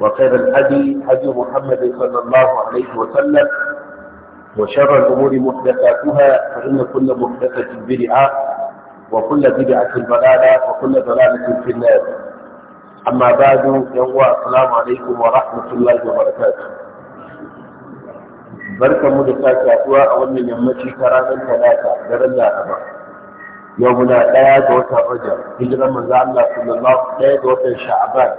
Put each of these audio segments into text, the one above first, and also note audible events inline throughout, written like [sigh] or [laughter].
وخير الهدي هدي محمد صلى الله عليه وسلم وشر الأمور محدثاتها فإن كل محدثة بدعة وكل بدعة ضلالة وكل ضلالة في النار أما بعد يوم السلام عليكم ورحمة الله وبركاته بركة مدفعة او من يمتي كرانا ثلاثة درنا لها يومنا لا يدوت الرجل هجرة من زعلنا صلى الله عليه وسلم شعبان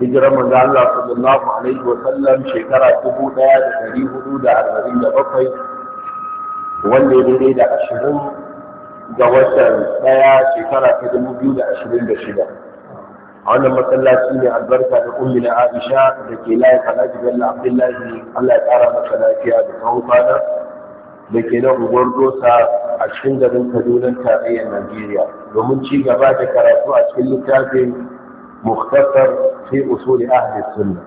hijirar manzo Allah sallallahu alaihi wa sallam shekara 1447 wanda ya daidai da 20 ga watan daya shekara ta 2026 a wannan masallaci ne albarka da ummi na Aisha da ke layin Alhaji Bello Abdullahi Allah ya tsara masa lafiya da tsawon kwana da ke nan unguwar dosa a cikin garin Kaduna tarayyar Najeriya domin ci gaba da karatu a cikin littafin مختصر في أصول أهل السنة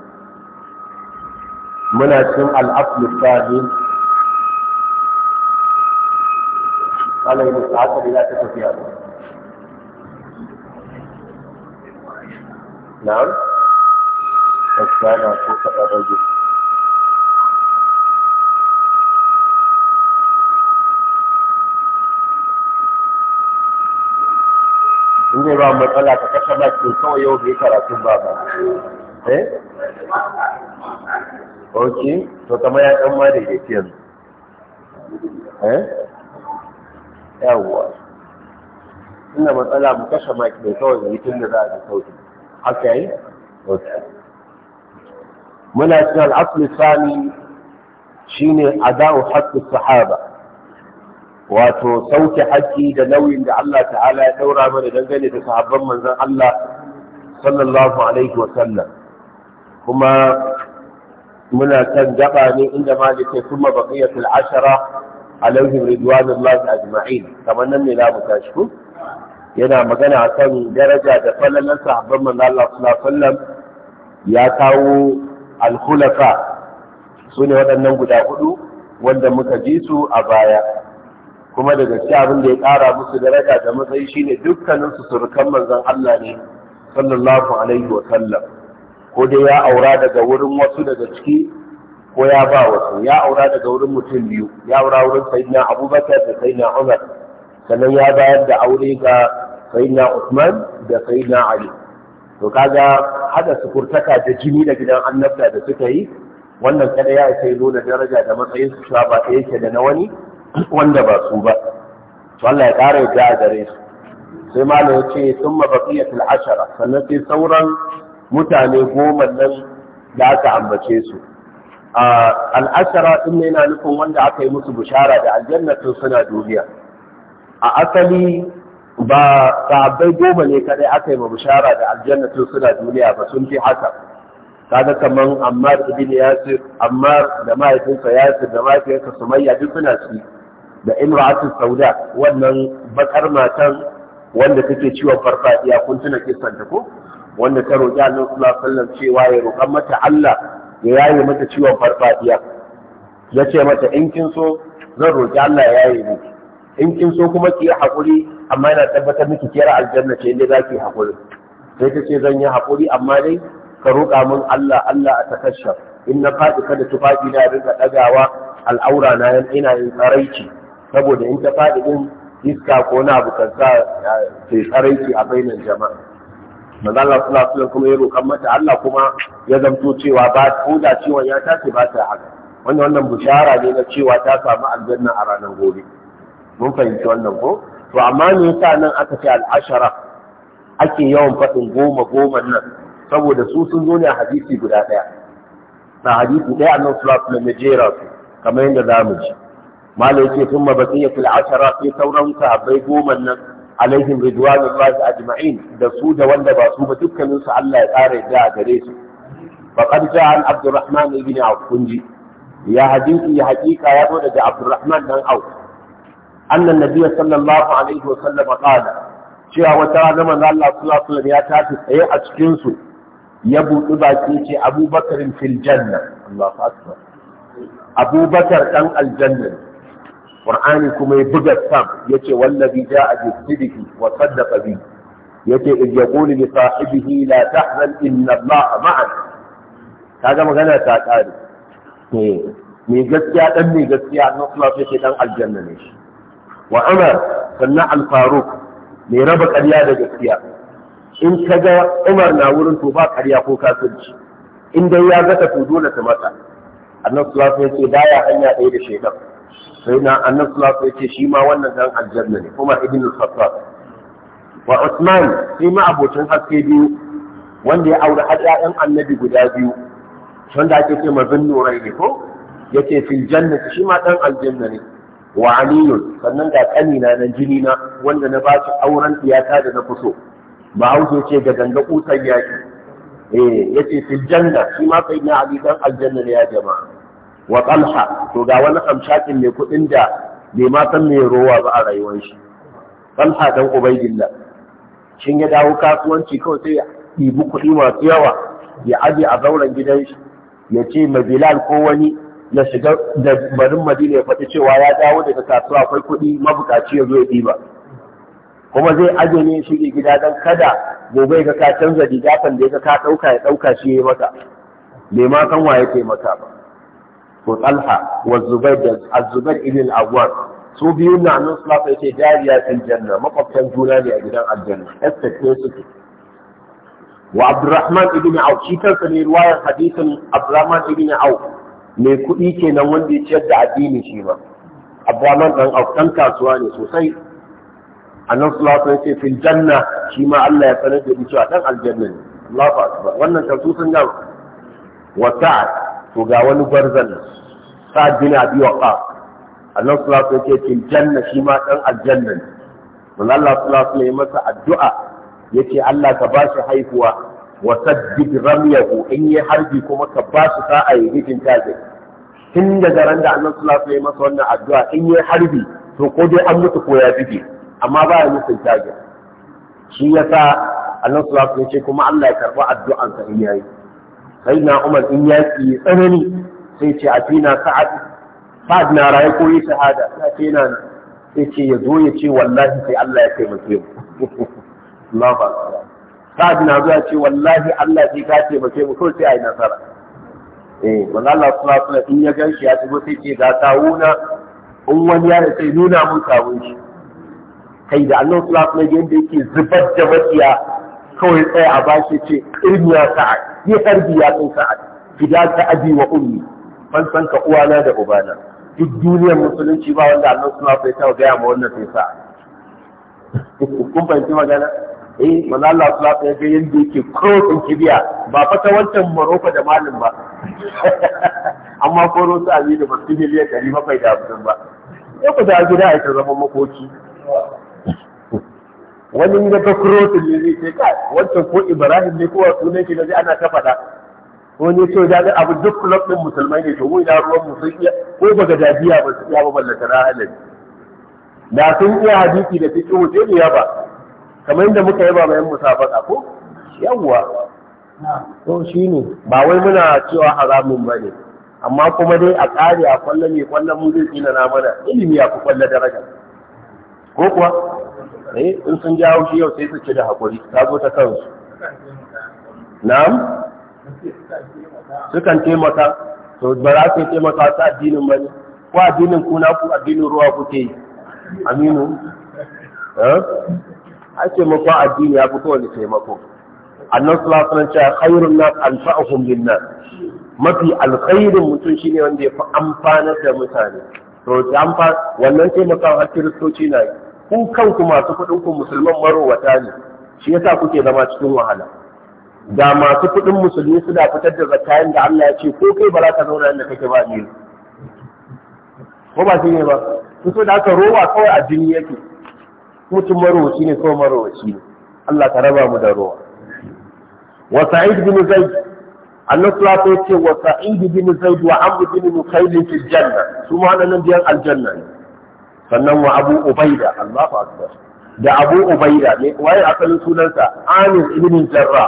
مناسم الأصل الثاني قال المستعد لا تتفيا نعم السلام عليكم in zai ba matsala ta kasa ba ce kawai yau bai karatun ba ba eh ok to kama ya dan ma da yake yanzu eh yawa ina matsala mu kasa maki mai kawai da tun da za a sauki haka yi ok muna cikin al'asli sani shine ada'u haqqi sahaba wato sauke haƙƙi da nauyin da Allah ta'ala ya daura mana dangane da sahabban manzon Allah sallallahu alaihi wa sallam kuma muna kan gaba ne inda ma da ke kuma baqiyatul ashara alaihim ridwanullahi ajma'in kamar nan ne zamu tashi ku yana magana akan daraja da falalan sahabban manzon Allah sallallahu alaihi sallam ya kawo al sune waɗannan guda hudu wanda muka ji su a baya kuma daga gaske abin da ya kara musu daraja da matsayi shine dukkanin su surukan manzon Allah ne sallallahu alaihi wa sallam ko dai ya aura daga wurin wasu daga ciki ko ya ba wasu ya aura daga wurin mutum biyu ya aura wurin sayyidina Abubakar da sayyidina Umar sannan ya bayar da aure ga sayyidina Usman da sayyidina Ali to kaga hada sukurtaka da jini da gidan annabta da suka yi wannan kada ya sai nuna daraja da matsayin su ba yake da na wani wanda ba su ba to ya ƙara yadda a gare su sai malam ya ce sun mafafiyatul ashara sannan sai sauran mutane goma nan da aka ambace su al'ashara ɗin ne yana nufin wanda aka yi musu bishara da aljannatin suna duniya a asali ba sahabbai goma ne kadai aka yi ma bishara da aljannatin suna duniya ba sun fi haka kaga kaman ammar ibn yasir ammar da mahaifinsa yasir da mahaifiyarsa sumayya duk suna ciki da imratu sauda wannan bakar matan wanda take ciwon farfadiya kun tuna kisan ta ko wanda ta roƙi Allah sallallahu alaihi wasallam cewa ya roƙan mata Allah ya yaye mata ciwon farfadiya ya ce mata in kin so zan roƙi Allah ya yaye miki in kin so kuma ki yi haƙuri amma yana tabbatar miki kiyar aljanna ce inda zaki hakuri sai ta ce zan yi hakuri amma dai ka roƙa min Allah Allah a takashshaf in na faɗi kada tufafi na rinka ɗagawa al'aura na ina yin tsaraici saboda in ta faɗi ɗin, iska ko na abu kan sa tsaraiki a bainar jama'a manzo Allah suna kuma ya roƙan mata Allah kuma ya zamto cewa ba ko da ciwon ya tace ba ta haka wannan wannan bushara ne na cewa ta samu aljanna a ranar gobe mun fahimci wannan ko to amma me yasa nan aka ce al'ashara ake yawan faɗin goma goma nan saboda su sun zo ne a hadisi guda ɗaya na hadisi ɗaya annabi sallallahu alaihi wasallam ya jera su kamar yadda zamu ji malai ce sun mabaƙiyatul ashara sai sauran sahabbai goma nan alaihim ridwanullahi ajma'in da su da wanda ba su ba dukkanin su Allah ya tsara yadda a gare su faqad ja'a Abdurrahman ibn Auf kunji ya hadisi ya haƙiƙa ya zo daga Abdurrahman dan Auf annan nabiyyu sallallahu alaihi wa sallam qala cewa wata rana manzo Allah sallallahu alaihi wa sallam ya tafi tsaye a cikin su ya buɗi baki ce abubakarin fil janna Allahu akbar abubakar dan aljanna qur'ani kuma ya buga sam yace wallazi ja'a bi sidiki wa saddaqa bi yace in yaqulu li sahibihi la tahzan inna allaha ma'ana kaga magana ta kare to eh, me gaskiya dan me gaskiya annabi sallallahu alaihi wasallam dan aljanna ne shi wa Umar sannan al-Faruq me raba ƙarya da gaskiya in ka ga Umar na wurin to ba ƙarya ko kafirci in dai ya zaka to dole ta mata annabi sallallahu alaihi wasallam ya ce baya hanya ɗaya da shaytan sai na annan sulatu ya ce shi ma wannan dan aljanna ne kuma ibn al-khattab wa usman shi ma abokin haske biyu wanda ya aure har ƴaƴan annabi guda biyu wanda ake ce mazin nurai ne ko yace fil jannati shi ma dan aljanna ne wa aliyun sannan da kanina na jini na wanda na ba shi auren iyata da na kuso. ba hausa ce ga ganga kusan yaki eh yace fil janna shi ma sai na ali dan aljanna ne ya jama'a wa talha to ga wani amshakin mai kuɗin da bai ma mai rowa ba a rayuwar shi talha dan ubaidillah shin ya dawo kasuwanci kawai sai ya ɗibi kuɗi masu yawa ya aje a zauren gidan shi ya ce ma ko wani ya shiga da barin madina ya faɗi cewa ya dawo daga kasuwa akwai kuɗi mabukaci ya zo ya ɗiba kuma zai aje ne shige gida don kada gobe ga ka canza rigatan da ya ka ɗauka ya ɗauka shi ya yi maka bai ma san wa ya taimaka ba wa talha wa zubair da azubair ibn al-awwal su biyu na annabi sallallahu alaihi wasallam jariya fil janna makwabtan juna ne a gidan aljanna estate ne suke wa abdurrahman ibn auf shi kansa ne riwayar hadisin abdurrahman ibn auf mai kuɗi kenan wanda ya ciyar da addini shi ba abdurrahman dan auf dan kasuwa ne sosai annabi sallallahu alaihi wasallam ce fil janna shi ma Allah ya sanar da cewa dan aljanna ne Allahu akbar wannan kan sun ga wa ta'at to ga wani gwarzan nan sa'ad bin abi waqas Allah sallallahu alaihi wasallam yake janna shi ma dan aljanna ne manzo Allah sallallahu alaihi masa addu'a yace Allah ka bashi haihuwa wa saddid ramyahu in yi harbi kuma ka bashi sa'a yi gidin tajin tun daga ran da Allah sallallahu alaihi masa wannan addu'a in yi harbi to ko dai an mutu ko ya bige amma ba ya mutu tajin shi yasa Allah sallallahu alaihi kuma Allah ya karba addu'ansa in yayi sai na umar in yaƙi tsanani sai ce a na sa'ad sa'ad na raye ko yi shahada na ce na sai ce ya zo ya ce wallahi sai Allah ya taimake mu [laughs] Allah ba sa'ad na zuwa ce wallahi Allah sai ka taimake mu kawai sai a yi nasara eh manzo Allah sallallahu alaihi in ya shi ya tago sai ce ga kawuna in wani ya sai nuna mun kawun shi kai da Allah sallallahu alaihi yanda yake zubar da mafiya kawai tsaya a bashi ce irin ya sa'ad ya harbi ya kai sa'ad ta abi wa ummi ban san ka uwana da ubana duk duniyar musulunci ba wanda Allah suna bai taɓa gaya ma wannan sai sa'ad kun fahimci magana eh manzo Allah suna bai ga yanda yake crossing kibiya ba fa ta wancan maroko da Malam ba [laughs] amma koro su abi da basu da 750 ba Yau ku da gida ai ta zama makoki wani ne ga kurotin ne ne ce wancan ko ibrahim ne kowa sunan shi gaji ana ta faɗa ko ne ce da abu duk club din musulmai ne to mu ina ruwan mu ko ba ga dabiya ba su iya ba ballata na halin da sun iya hadisi da fiqh sai ne ya ba kamar yadda muka yaba bayan musafaka ko yawwa to ne, ba wai muna cewa haramun ba ne, amma kuma dai a ƙari a kwallon mai kwallon mu zai tsina na mana ilimi ya fi kwallon daraja ko kuwa eh in sun ji haushi yau sai su ci da hakuri ta zo ta kansu na'am sukan taimaka to ba za su taimaka ta addinin bane ko addinin kuna ku addinin ruwa kuke yi aminu eh a taimako addini ya fito wani taimako annan sulasunan cewa khairun nas alfa'ahum lin nas mafi alkhairun mutum shine wanda ya fi amfanar da mutane to wannan taimakawa har kiristoci na yi ku kanku masu kuɗin ku musulman marowata ne shi yasa kuke zama cikin wahala da masu kuɗin musulmi suna fitar da zakayen da Allah ya ce ko kai ba za ka zauna inda kake ba ne ko ba shi ne ba so da aka rowa kawai a jini yake mutum marowaci ne kawai marowaci ne Allah ka raba mu da rowa wa sa'id bin zaid annabi sallallahu alaihi wa sa'id bin zaid wa amr bin nukhayl fil janna su ma nan biyan aljanna ne sannan wa abu ubaida Allahu akbar da abu ubaida ne waye asalin sunansa amin ibn jarra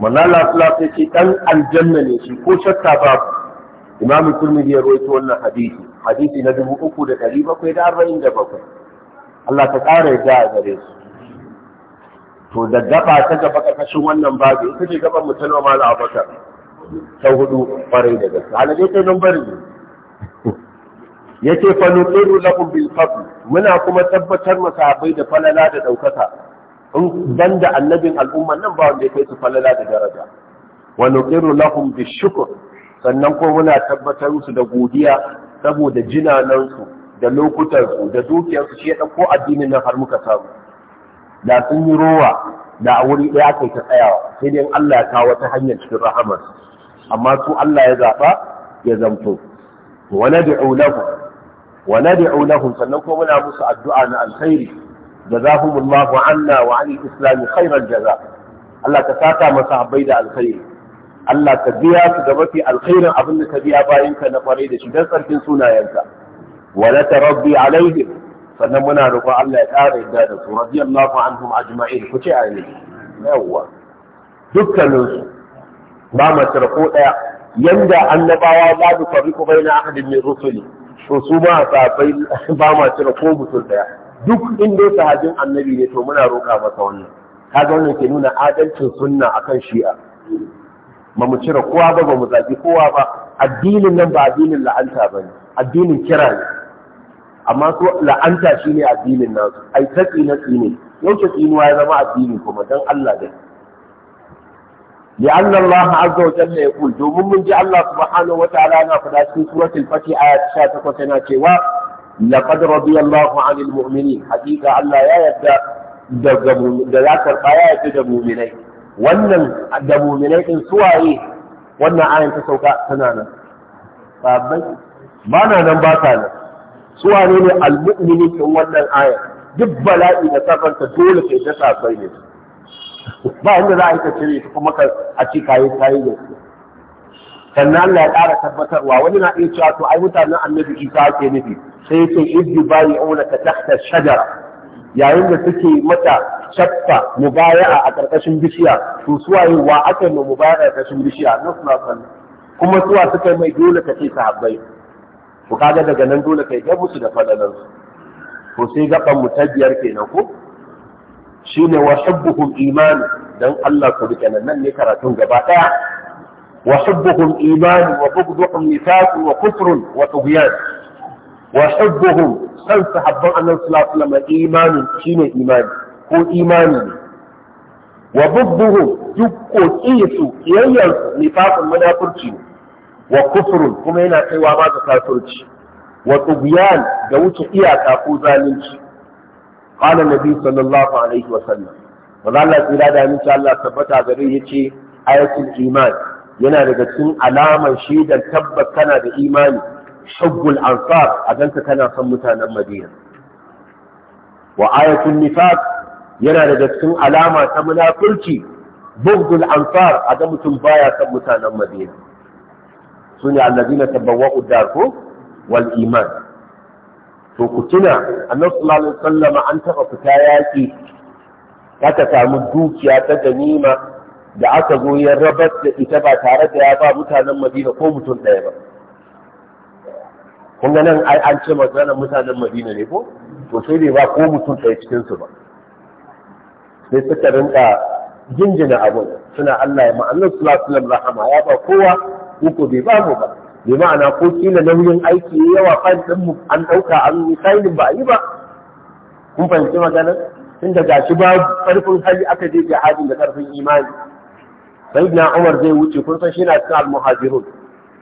manala sallallahu alaihi dan aljanna ne shi ko shakka babu imam turmidi ya rawaito wannan hadisi hadisi na 3747 Allah ta kare da gare su to da gaba ta gaba karkashin wannan babu ita ce gaban mutum ma za a ta hudu kwarai da gaske halaje kai nan bari yace fa lahum bil fadl muna kuma tabbatar masahabai da falala da daukaka in banda annabin al'umma nan ba wanda ya kai su falala da daraja wa nuqiru lahum bis sannan ko muna tabbatar musu da godiya saboda jinanan su da lokutan su da dukiyar su shi ko addinin nan har muka samu da sun yi rowa da a wuri ɗaya kai ta tsayawa sai dai Allah ya kawo wata hanyar cikin rahamar amma su Allah ya zaɓa ya zamto wa nad'u lahu wa nad'u lahum sannan kuma muna musu addu'a na alkhairi jazahumullahu anna wa anil islam khairal jaza Allah ka saka masa habbai da alkhairi Allah ka biya su da mafi alkhairin abin da ka biya bayanka na kwarai da shi dan sarkin sunayenka wa la tarabbi alaihim sannan muna roƙon Allah ya ƙara yadda da su radiyallahu anhum ajma'in yawwa dukkaninsu ba ko ɗaya yanda annabawa babu fariko na ahadin rusuli to su ma sahabbai ba ma cire ko mutum daya duk inda sahabin annabi ne to muna roƙa masa wannan kaga wannan ke nuna adalcin sunna akan shi'a ba mu cire kowa ba ba mu zafi kowa ba addinin nan ba addinin la'anta ba ne addinin kira ne amma su la'anta shi ne addinin nasu ai ta tsine tsine yau tsinuwa ya zama addini kuma dan Allah dai لأن الله عز وجل يقول دوم من جعل الله سبحانه وتعالى نافذ في سورة الفتح آيات شاتك وسناتي لقد رضي الله عن المؤمنين حقيقة الله يا يبدا ذاك الآيات المؤمنين wannan da muminai din suwaye wannan ayan ta sauka tana nan ba na nan ba ta nan suwane ne almu'mini din wannan ayan duk bala'i da safanta dole kai ta safai ne ba inda za a yi ta cire ta kuma a ci kayi kayi da su sannan Allah ya ƙara tabbatarwa wani na iya cewa to ai mutanen annabi Isa ake nufi sai yace iddi bayi auna ka tahta shajara yayin da suke mata shaffa mubaya'a a ƙarƙashin bishiya to suwaye wa aka yi mubaya'a a ƙarƙashin bishiya na suna sannu? kuma suwa suka yi mai dole ka ce sahabbai ku kaga daga nan dole kai ga musu da fadalansu to sai gaban mu ta biyar kenan ko shine wa hubbuhum iman don Allah ku rike nan ne karatun gaba daya wa hubbuhum iman wa bughduhum nifaq wa kufr wa tughyan wa hubbuhum san sahabban annabi sallallahu alaihi wasallam imanin shine imani ko imani ne wa bubbuhu duk kokisu kiyayyar nifaqun munafurci ne wa kufrun kuma yana kaiwa ma ga kafirci wa tughyan da wuce iyaka ko zalunci qala nabi sallallahu alaihi wa Allah tsira da aminci Allah tabbata gare yace ayatul iman yana daga cikin alamar shaidar tabbas kana da imani shuggul ansar a ganka kana son mutanen Madina wa ayatul yana daga cikin alama ta munafurci bughdul ansar a ga mutum baya son mutanen Madina sune allazina tabawwa'u dar ko wal iman to ku tuna annabi sallallahu alaihi wasallam an taba fita yaki aka samu dukiya ta ganima da aka zo ya rabar da ita ba tare da ya ba mutanen Madina ko mutum ɗaya ba kun ga nan ai an ce maganar mutanen Madina ne ko to sai dai ba ko mutum ɗaya cikin su ba sai suka rinka jinjina abun suna Allah ya ma'anar sallallahu alaihi wasallam rahama ya ba kowa uku bai ba mu ba bi ma'ana ko kila nauyin aiki yawa fayil ɗin mu an ɗauka an yi ba a yi ba kun fahimci maganar tun da gashi ba, ƙarfin hali aka je jihadin da ƙarfin imani Sai na Umar zai wuce kun san shi na cikin al-muhajirun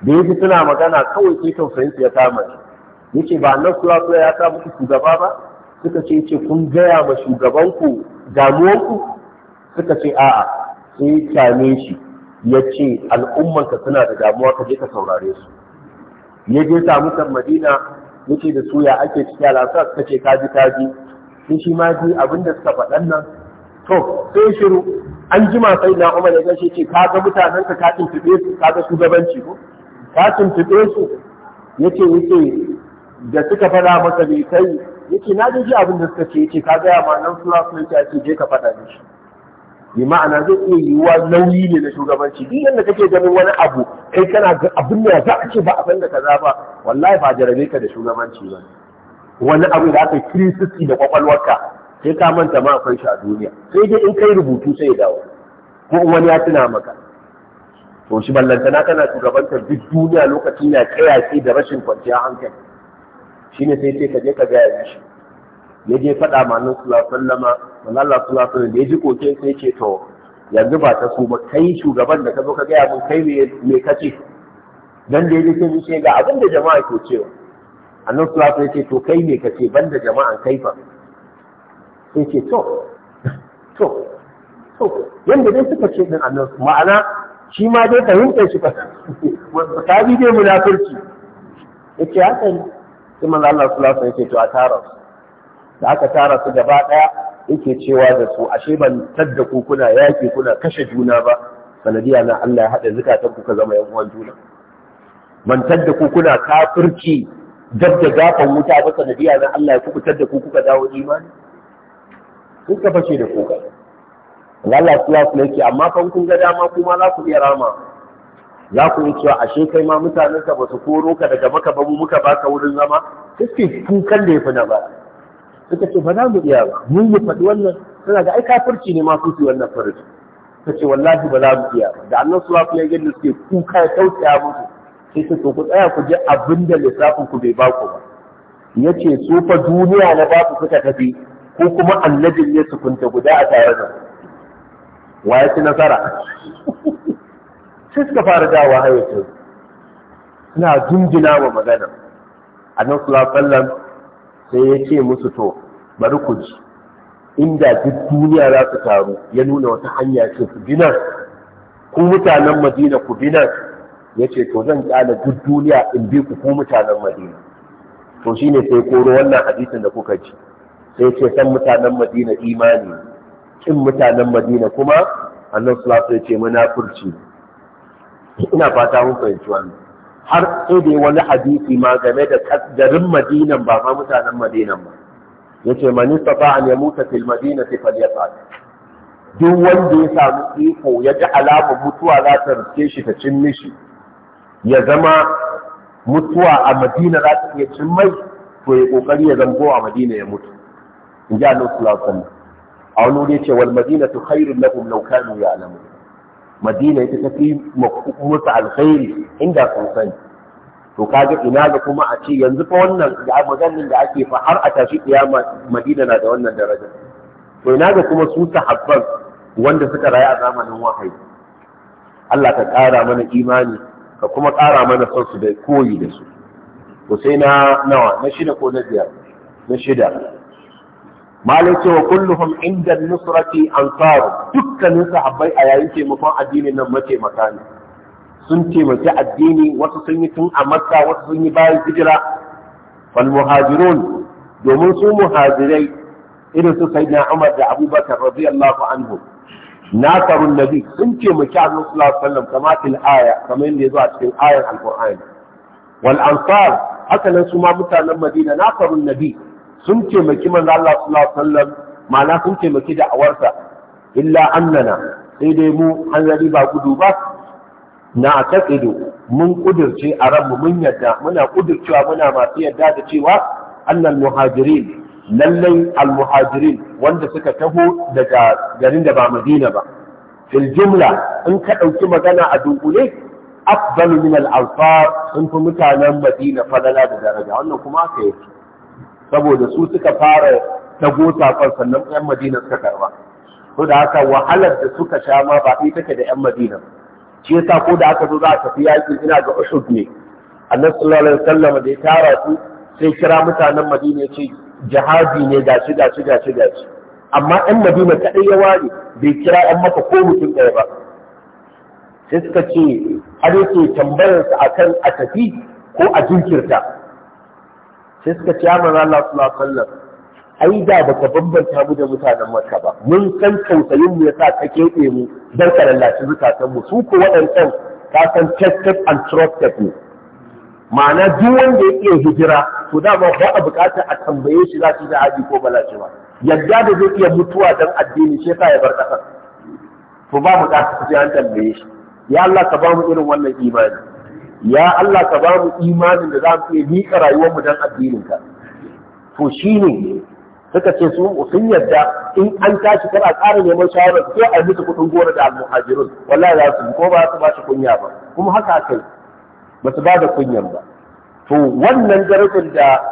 da yake suna magana kawai sai tausayin ya kama shi yace ba nan kula-kula ya sa muku shugaba ba suka ce ce kun gaya ma shugaban ku damuwar ku suka ce a'a sai ya kame shi ya ce al'ummanka suna da damuwa ka je ka saurare su ya je samu kan madina yake da suya ake ciki alasa suka ce kaji kaji sun shi ma ji abin da suka faɗan nan to sai shiru an jima sai na umar ya gashi ce ka ga mutanen ka ka tuntube su ka ga shugabanci ko ka tuntube su ya yace da suka faɗa masa bai kai ce na ji abin da suka ce ce ka gaya ma nan sura sun ce je ka faɗa shi. bi ma'ana zai iya yiwuwa nauyi ne na shugabanci duk yadda kake ganin wani abu kai kana ga abin da za a ce ba abin da kaza ba wallahi ba jarabe ka da shugabanci ba wani abu da aka kirisisti da kwakwalwarka sai ka manta ma akwai shi a duniya sai dai in kai rubutu sai ya dawo ko wani ya tuna maka to shi ballantana kana shugabantar duk duniya lokaci na kayaki da rashin kwanciyar hankali shine sai sai ka je ka gaya shi ya je faɗa ma nan sallama manzo Allah sallallahu da ya ji koken sai ce to yanzu ba ta su ba kai shugaban da ka zo ka gaya mun kai me kace dan da ya ji sai ga abin da jama'a ke cewa annabi sallallahu alaihi ce to kai me kace banda jama'a kai fa sai ce to to to yanda dai suka ce din annabi ma'ana shi ma dai fahimtar shi ta bi dai munafurci yace haka ne sai manzo Allah sallallahu alaihi ya ce to a tara da aka tara su gaba ɗaya yake cewa da su ashe ban tadda ku kuna yaki kuna kashe juna ba sanadiya na Allah ya haɗa zukatan ku ka zama yan uwan juna ban tadda ku kuna kafirci dab da gafan wuta ba sanadiya na Allah ya kubutar tadda ku kuka dawo imani sun ka fashe da kuka Allah su ya yake amma kan kun ga dama kuma za ku iya rama za ku yi cewa ashe kai ma mutanen ka ba su koro ka daga maka ba mu muka baka wurin zama kuke kukan da ya fi na ba suka ce ba za mu iya ba mu yi faɗi wannan suna ga ai kafirci ne ma su wannan farji ta ce wallahi ba za mu iya ba da annan suwa kuma yadda suke kuka ya ya mutu. sai su to ku tsaya ku je abin da lissafin ku bai ba ku ba ya ce su fa duniya na ba ku suka tafi ko kuma annabin ne su kunta guda a tare da wa ya ci nasara [laughs] sai suka fara dawa hayyacin suna jinjina wa magana annan suwa sallan sai ya ce musu to bari ku ji inda duk duniya za su taru ya nuna wata hanya ce su bina ku mutanen madina ku bina ya ce to zan kyala duk duniya in bi ku ku mutanen madina to shine sai koro wannan hadisin da kuka ji sai ce san mutanen madina imani kin mutanen madina kuma annabi sallallahu alaihi ce munafurci ina fata mun fahimci wannan har sai da wani hadisi ma game da garin madinan ba ma mutanen madinan ba yace man istata an yamuta fil madinati falyafal duk wanda ya samu iko ya ji alama mutuwa za ta rike shi ta cin mishi ya zama mutuwa a madina za ta iya cin mai to ya kokari ya zango a madina ya mutu in ji sallallahu alaihi wasallam a wani wuri yace wal madinatu khairul lahum law kanu ya'lamun madina ita ta fi mutu alkhairi inda sun sani to kaga ina ga kuma a ce yanzu fa wannan da maganin da ake fa har a tashi kiyama Madina na da wannan daraja to ina ga kuma su sahabban wanda suka rayu a zamanin wahayi Allah ka ƙara mana imani ka kuma ƙara mana son su da koyi da su to sai na nawa na shida ko na biyar na shida malai cewa kulluhum inda nusrati ansaru dukkanin sahabbai a yayin taimakon addinin nan mataimaka ne sun taimaki addini wasu sun yi tun a makka wasu sun yi bayan hijira wal muhajirun domin su muhajirai irin su sayyidina Umar da Abubakar radiyallahu anhu nasarun nabi sun taimaki annabi sallallahu alaihi wasallam kama fil aya kamar yadda yazo a cikin ayar alqur'ani wal ansar haka nan su ma mutanen Madina nasarun nabi sun taimaki manzo Allah sallallahu alaihi wasallam ma'ana sun taimaki da awarsa illa annana sai dai mu an hanzari ba gudu ba na taqidu mun kudirce a ranmu mun yadda muna ƙudurcewa muna masu yadda da cewa annal muhajirin lallai al muhajirin wanda suka taho daga garin da ba Madina ba fil jumla in ka ɗauki magana a dunkule afdalu min al sun fi mutanen Madina falala da daraja wannan kuma aka yi. saboda su suka fara tago safar sannan 'yan Madina suka karba to da haka wahalar da suka sha ma ba ita take da 'yan Madina ba shi yasa ko da aka zo za a tafi yaƙi ina ga Uhud ne annabi sallallahu alaihi wasallam da ya tara su sai kira mutanen Madina ya ce jihadi ne ga shi ga shi amma ɗan Madina kaɗai ya ware bai kira ɗan maka ko mutum ɗaya ba sai suka ce har yake tambayar sa akan a tafi ko a jinkirta sai suka ce ya manzo Allah sallallahu alaihi wasallam ai da baka bambanta mu da mutanen Makka ba mun san tausayin mu yasa ka keɓe mu dan karallaci lallaci zukatan mu su ko waɗancan ka san tested and trusted ne ma'ana duk wanda ya iya hijira to dama ba a bukata a tambaye shi za su da aji ko ba lashi ba yadda da zai iya mutuwa dan addini shi yasa ya bar kasar to ba mu bukata ka an tambaye shi ya Allah ka ba mu irin wannan imani ya Allah ka ba mu imanin da za mu iya miƙa rayuwar mu dan addinin ka to shine suka ce su sun yadda in an tashi kana ƙara neman shawara sai a musu kuɗin goro da almuhajirun wallahi za su ko ba su ba shi kunya ba kuma haka kai ba su ba da kunyan ba to wannan darajar da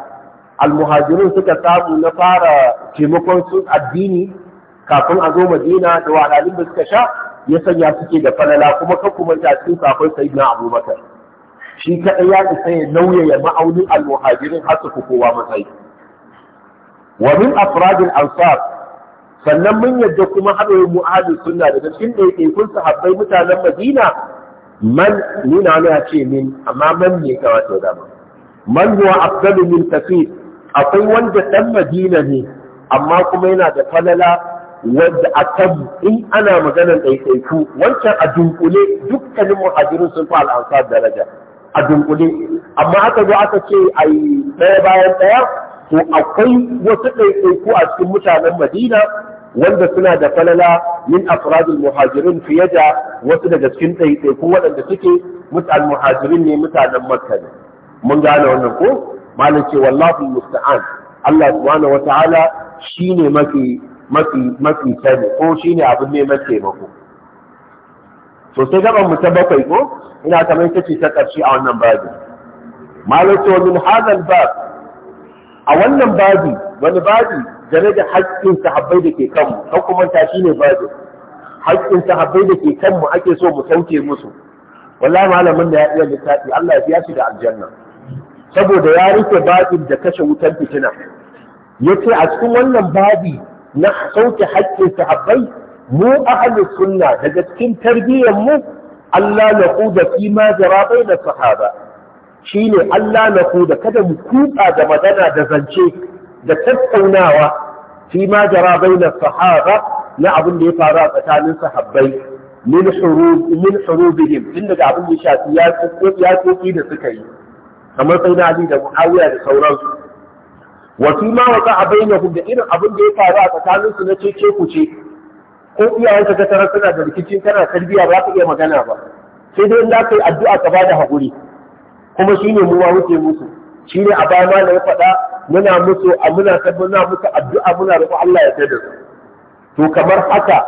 almuhajirun suka samu na fara taimakon su addini kafin a zo madina da wahalhalun da suka sha ya sanya suke da falala kuma kan kuma ta cikin safon sayyidina abubakar shi kaɗai ya isa ya nauyaya ma'aunin almuhajirin har su kowa matsayi wa min afradil sannan mun yadda kuma haɗarin mu ahlus sunna daga cikin ɗaiɗaikun sahabbai mutanen Madina man nuna ne ya ce min amma man ne kawai to dama man huwa afdalu min tafi akwai wanda ɗan Madina ne amma kuma yana da falala wanda a in ana maganar ɗaiɗaiku wancan a dunkule dukkanin muhajirin sun fi al'ansar daraja a dunkule amma aka zo aka ce a yi ɗaya bayan ɗaya to akwai wasu ɗaiɗaiku a cikin mutanen Madina wanda suna da falala min afradul muhajirin fiye da wasu daga cikin ɗaiɗaiku waɗanda suke mutan muhajirin ne mutanen Makka ne mun gane wannan ko malam ce wallahi musta'an Allah subhanahu wataala shine mafi mafi mafi ko shine abin neman taimako to sai mu ta bakwai ko ina kamar ita ce ta ƙarshe a wannan babin malam ce min hadal bab a wannan babi wani babi game da haƙƙin sahabbai da ke kanmu kan kuma ta shi ne babi haƙƙin sahabbai da ke kanmu ake so mu sauke musu wallahi malamin da ya iya littafi Allah ya biya shi da aljanna saboda ya rufe babin da kashe wutar fitina yace a cikin wannan babi na sauke haƙƙin sahabbai mu ahlus sunna daga cikin tarbiyyar mu Allah ya kuda fi ma jara bayna sahaba Shi ne Allah na ku da kada mu kuka da magana da zance da tattaunawa fi ma jara bai na sahaba na abin da ya faru a tsakanin sahabbai min hurub min hurubihim tun daga abin da shafi ya tsoki da suka yi kamar sai na Ali da Muawiya da sauransu wa fi ma waqa na da irin abin da ya faru a tsakanin su na cece ku ce ko iyayen ka tara suna da rikicin tana tarbiyya ba ka iya magana ba sai dai in za ka yi addu'a ka bada haƙuri kuma shi mu ma wuce musu Shi ne a baya da ya faɗa muna musu a muna muna musu addu'a muna roƙo Allah ya da su to kamar haka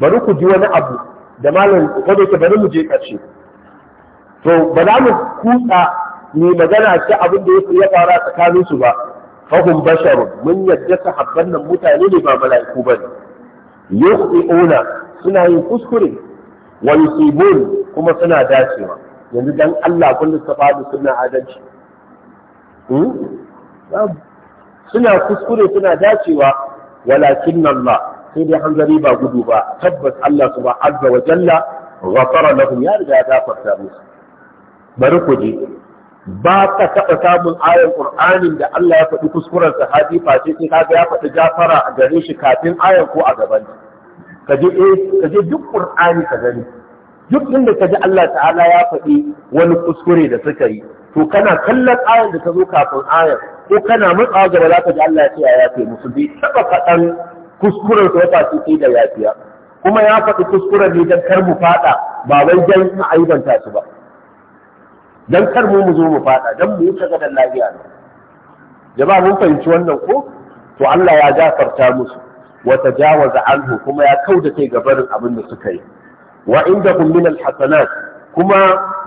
bari ku ji wani abu da malam ko da bari mu je ƙarshe to ba za mu kutsa ni magana ce abin da ya fara tsakanin su ba fahum basharun mun yadda sahabban nan mutane ne ba mala'iku ba ne ona suna yin kuskure wa yusibun kuma suna dacewa yanzu dan Allah kun lissafa da sunan adalci hmm? suna kuskure suna dacewa walakin Allah sai dai hanzari ba gudu ba tabbas Allah subhanahu azza wa jalla ghafara lahum ya riga ya gafarta musu bari ku ji ba ka taɓa samun ayar Qur'anin da Allah ya faɗi kuskuren sahabi face sai kaga ya faɗi gafara a gare shi kafin ayar ko a gaban ka je eh, duk Qur'ani ka gani duk inda ka ji Allah ta'ala ya faɗi wani kuskure da suka yi to kana kallon ayar da ta zo kafin ayar ko kana matsawa gaba za ka ji Allah ya ce ya yafe musu bi taɓa faɗan kuskuren ta wata su sai da yafiya kuma ya faɗi kuskuren ne don kar mu faɗa ba wai don mu aibanta su ba don kar mu mu zo mu faɗa don mu wuce gadan lafiya ne jama'a mun fahimci wannan ko to Allah ya gafarta musu wata tajawaza anhu kuma ya kauda kai gabarin abin da suka yi wa indahum min alhasanat kuma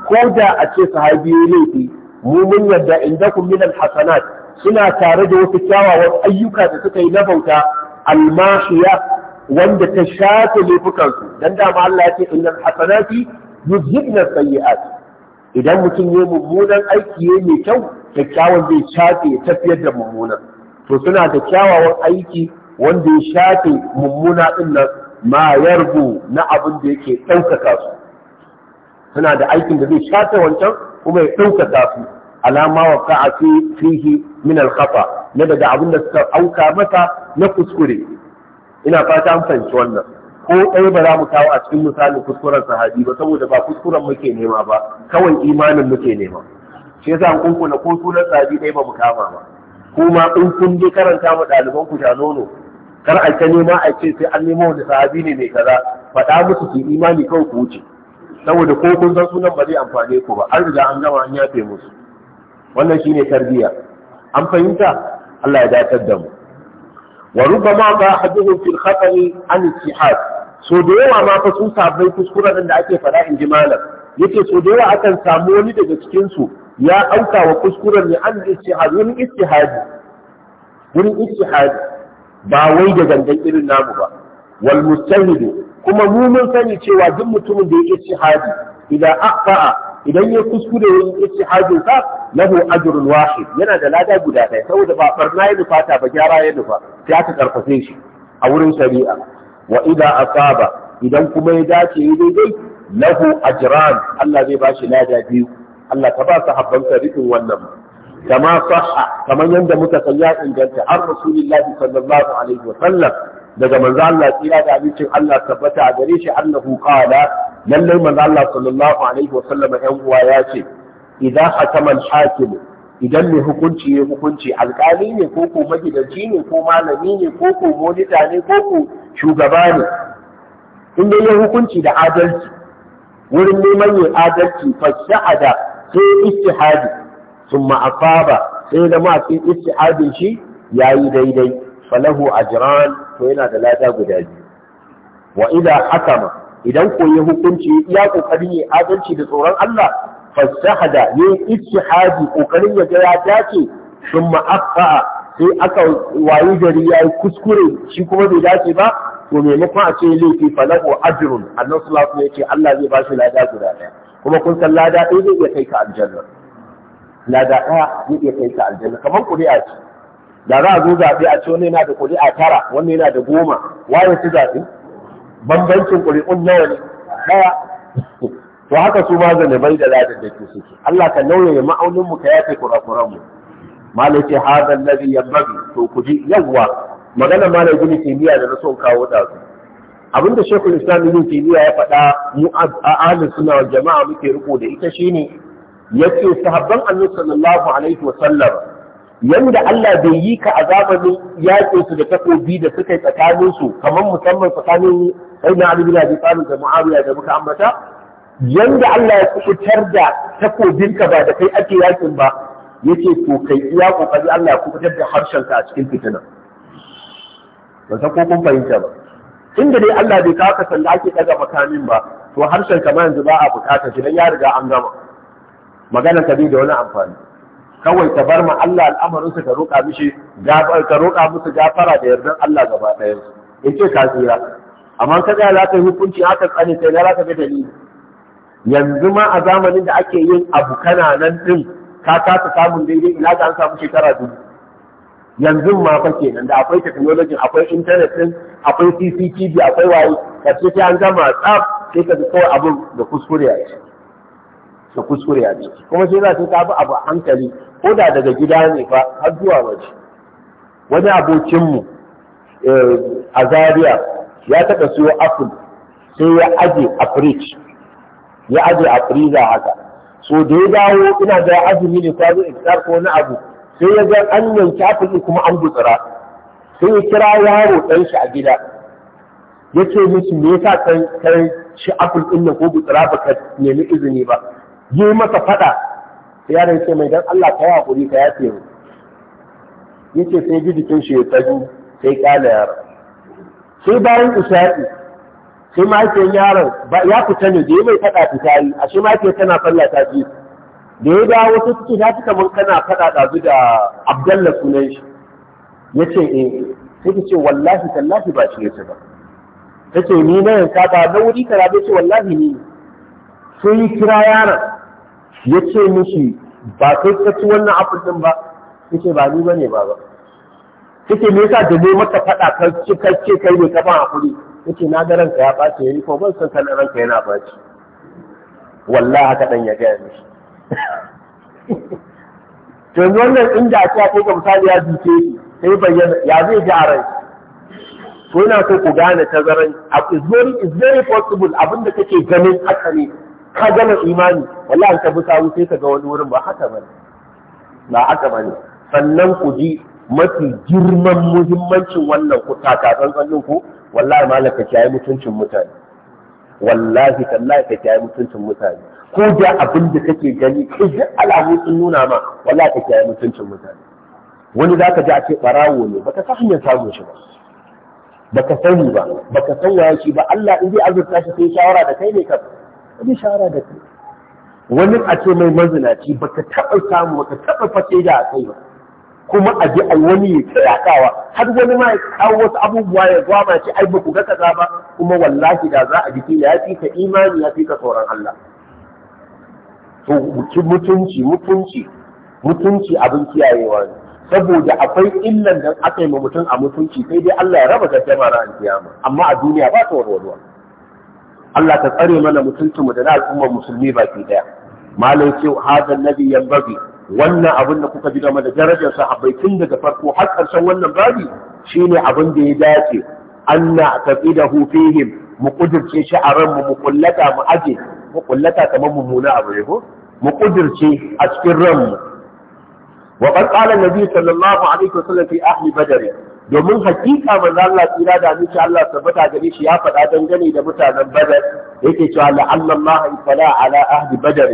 ko da a ce sahabi laifi mu mun yadda indakum min alhasanat suna tare da wasu kyawawan ayyuka da suka yi na bauta almashiya wanda ta shafe laifukansu dan dama Allah ya ce innal hasanati yuzhibna sayyi'at idan mutum ya mummunan aiki ya mai kyau kyakkyawan zai shafe ya tafiyar da mummunan to suna da kyawawan aiki wanda ya shafe mummuna din nan ma yarbu na abin da yake ɗaukaka su suna da aikin da zai shata wancan kuma ya ɗaukaka su alama wa ka'a fi fihi min alkafa na daga abin da suka auka mata na kuskure ina fata an fahimci wannan ko ɗaya ba za mu kawo a cikin misalin kuskuren sahabi ba saboda ba kuskuren muke nema ba kawai imanin muke nema shi yasa an kunkuna ko sunan sahabi ɗaya ba mu kama ba kuma in kun je karanta ma ɗaliban ku ta nono kar a ta nema a ce sai an nemo wani sahabi ne mai kaza faɗa musu su imani kawai ku wuce saboda ko kun san sunan ba zai amfane ku ba an riga an gama an yafe musu wannan shine tarbiyya an fahimta Allah ya datar da mu wa rubbama ba haduhu fil khatari an ittihad so da yawa ma fa sun sabai kuskuren da ake faɗa in ji malam yace so da yawa akan samu wani daga cikin su ya auka wa kuskuren ne an ittihad wani ittihadi wani ba wai da gangan irin namu ba wal mustahidu kuma mu mun sani cewa duk mutumin da ya ijtihadi idan aqfa'a idan ya kuskure yin ijtihadin sa lahu ajrun wahid yana da lada guda ɗaya saboda ba barna ya nufata ba gyara ya nufa sai aka karfafe shi a wurin shari'a wa idan asaba idan kuma ya dace ya daidai lahu ajran Allah zai ba shi lada biyu Allah ka ba sahabban sa rikin wannan kama sahha kamar yadda muka san ya inganta har rasulullahi sallallahu alaihi wa sallam daga manzo Allah tsira da abincin Allah tabbata a gare shi annahu lallai manzo Allah sallallahu alaihi wa sallam ɗan uwa ya ce idza hakama al-hakim idan mai hukunci ya hukunci alƙali ne ko ko magidanci ne ko malami ne ko ko monita ne ko shugaba ne in dai ya hukunci da adalci wurin neman yin adalci fa sha'ada sai istihadi sun ba, sai da masu isti'abin shi ya yi daidai falahu ajiran, ko yana da lada guda biyu wa idza hakama idan koyi hukunci ya kokarin yi adalci da tsoron Allah fasahada ne ittihadi kokarin ya ga ya dace sun ma'afa sai aka wayi gari ya yi kuskure shi kuma bai dace ba to maimakon a ce laifi falahu ajrun annabi sallallahu alaihi wasallam ya ce Allah zai ba shi lada guda ɗaya. kuma kun san lada ɗaya zai iya kai ka aljanna lada ɗaya zai iya kai ka aljanna kamar kuria ce da za a zo zaɓe a ce wani yana da kuri'a tara wani yana da goma waye su zaɓe bambancin ƙuri'un nawa ne ɗaya to haka su ma bai da ladan da ke suke Allah ka nauye ma'aunin mu ka yafe kurakuran mu malai ce nabi ya bari to ku ji yawwa magana malai gini kimiyya da na son kawo da su abinda shekul islam ibn kimiyya ya faɗa mu ahlus wa jama'a muke riko da ita shine yace sahabban annabi sallallahu alaihi wa sallam yanda Allah bai yi ka a zamanin yaƙin su da takobi da suka yi tsakanin su kamar musamman tsakanin sayyidina Ali bin Abi Talib da Muawiya da muka ambata yanda Allah ya kubutar da takobin ka ba da kai ake yaƙin ba yace to kai iya kokari Allah ya kubutar da harshen ka a cikin fitina ba ta kun fahimta ba inda dai Allah bai kawo ka sanda ake daga makamin ba to harshen ka ma yanzu ba a bukata shi dan ya riga an gama magana ta bi da wani amfani kawai ta bar ma Allah al'amarin su ka roƙa mishi ka roƙa musu gafara da yardan Allah gaba ɗaya in ce ka tsira amma ka ga za hukunci haka tsani sai na ka ga dalili yanzu ma a zamanin da ake yin abu kana nan din ka kasa samun daidai ina ga an samu shekara dubu yanzu ma fa kenan da akwai technology akwai internet din akwai CCTV akwai waye kace sai an gama tsaf sai ka ji kawai abun da kuskure a ce da kuskure a ciki kuma sai za su tafi abu a hankali ko da daga gida ne fa har zuwa waje wani abokinmu eh, a zaria ya taɓa siyo apple sai ya aje a fridge ya aje a freezer haka so da ya dawo ina da azumi ne ta zo iftar ko wani abu sai ya ga an yanki apple kuma an gutsura sai ya kira yaro ɗan shi a gida ya ce musu me yasa kai ci apple ɗin ko gutsura ba ka nemi izini ba yi masa fada da ce mai dan Allah ka yi hakuri ka yafe mu yake sai ji jikin shi ya tagu sai kala yara. sai bayan isha'i sai mahaifiyar yaron ya fita ne da yi mai fada fita yi a shi yake tana fallata ta ji da ya da wasu suke ta fita mun kana fada ɗazu da abdalla sunan shi ce eh sai ta ce wallahi tallahi ba shi ce ba ta ce ni na yanka ba na wuri rabe ce wallahi ni sai yi kira yaron ya ce mishi ba kai kaci wannan afirkin ba ba ce ba ni bane ba ba yace me yasa da ne maka fada kan ci ce kai ne ka ba hakuri yace na ga ranka ya bace yi ko ban san kana ranka yana bace Walla haka ɗan ya gaya mishi [laughs] to wannan inda a ce ga misali ya duke shi sai bayyana ya zai ji a rai ko yana so ku gane tazaran is very is very possible abinda kake ganin haka ne ka gama imani wallahi an tabi sawu sai ka ga wani wurin ba haka bane ba haka bane sannan ku ji mafi girman muhimmancin wannan ku ta tsantsanin ku wallahi malaka kiyaye mutuncin mutane wallahi tallahi ka kiyaye mutuncin mutane ko da abin da kake gani kai duk alamu sun nuna ma wallahi ka kiyaye mutuncin mutane wani zaka ji a ce barawo ne baka san hanyar samun shi ba baka sani ba baka san waye shi ba Allah in zai azurta shi sai shawara da kai ne ka da kai wani a ce mai mazinaci baka taɓa samu baka taɓa fashe da a kai ba kuma a ji a wani ya ta yaɗawa har wani ma ya kawo wasu abubuwa ya zuwa ma ce ai ku gaka kaza ba kuma wallahi da za a jiki ya fi ka imani ya fi ka tsoron Allah to mutunci mutunci mutunci abin kiyayewa ne saboda akwai illan da aka yi mutum a mutunci sai dai Allah ya raba mara ran kiyama amma a duniya ba ta warwarwa Allah ta tsare mana mutuncinmu da na al'ummar musulmi baki daya malai ce hadan nabi yambabi wannan abin da kuka ji game da darajar sahabbai tun daga farko har karshen wannan babi shine abin da ya dace anna taqidahu fihim mu kudirce shi a ranmu mu kullata mu aje mu kullata kamar mummuna abu ne ko mu kudirce a cikin ranmu wa qad qala nabi sallallahu alaihi wasallam fi ahli badr domin hakika manzo Allah tsira da miki Allah tabbata gare shi ya faɗa dangane da mutanen Badar yake cewa la'anna Allah ifala ala ahli Badar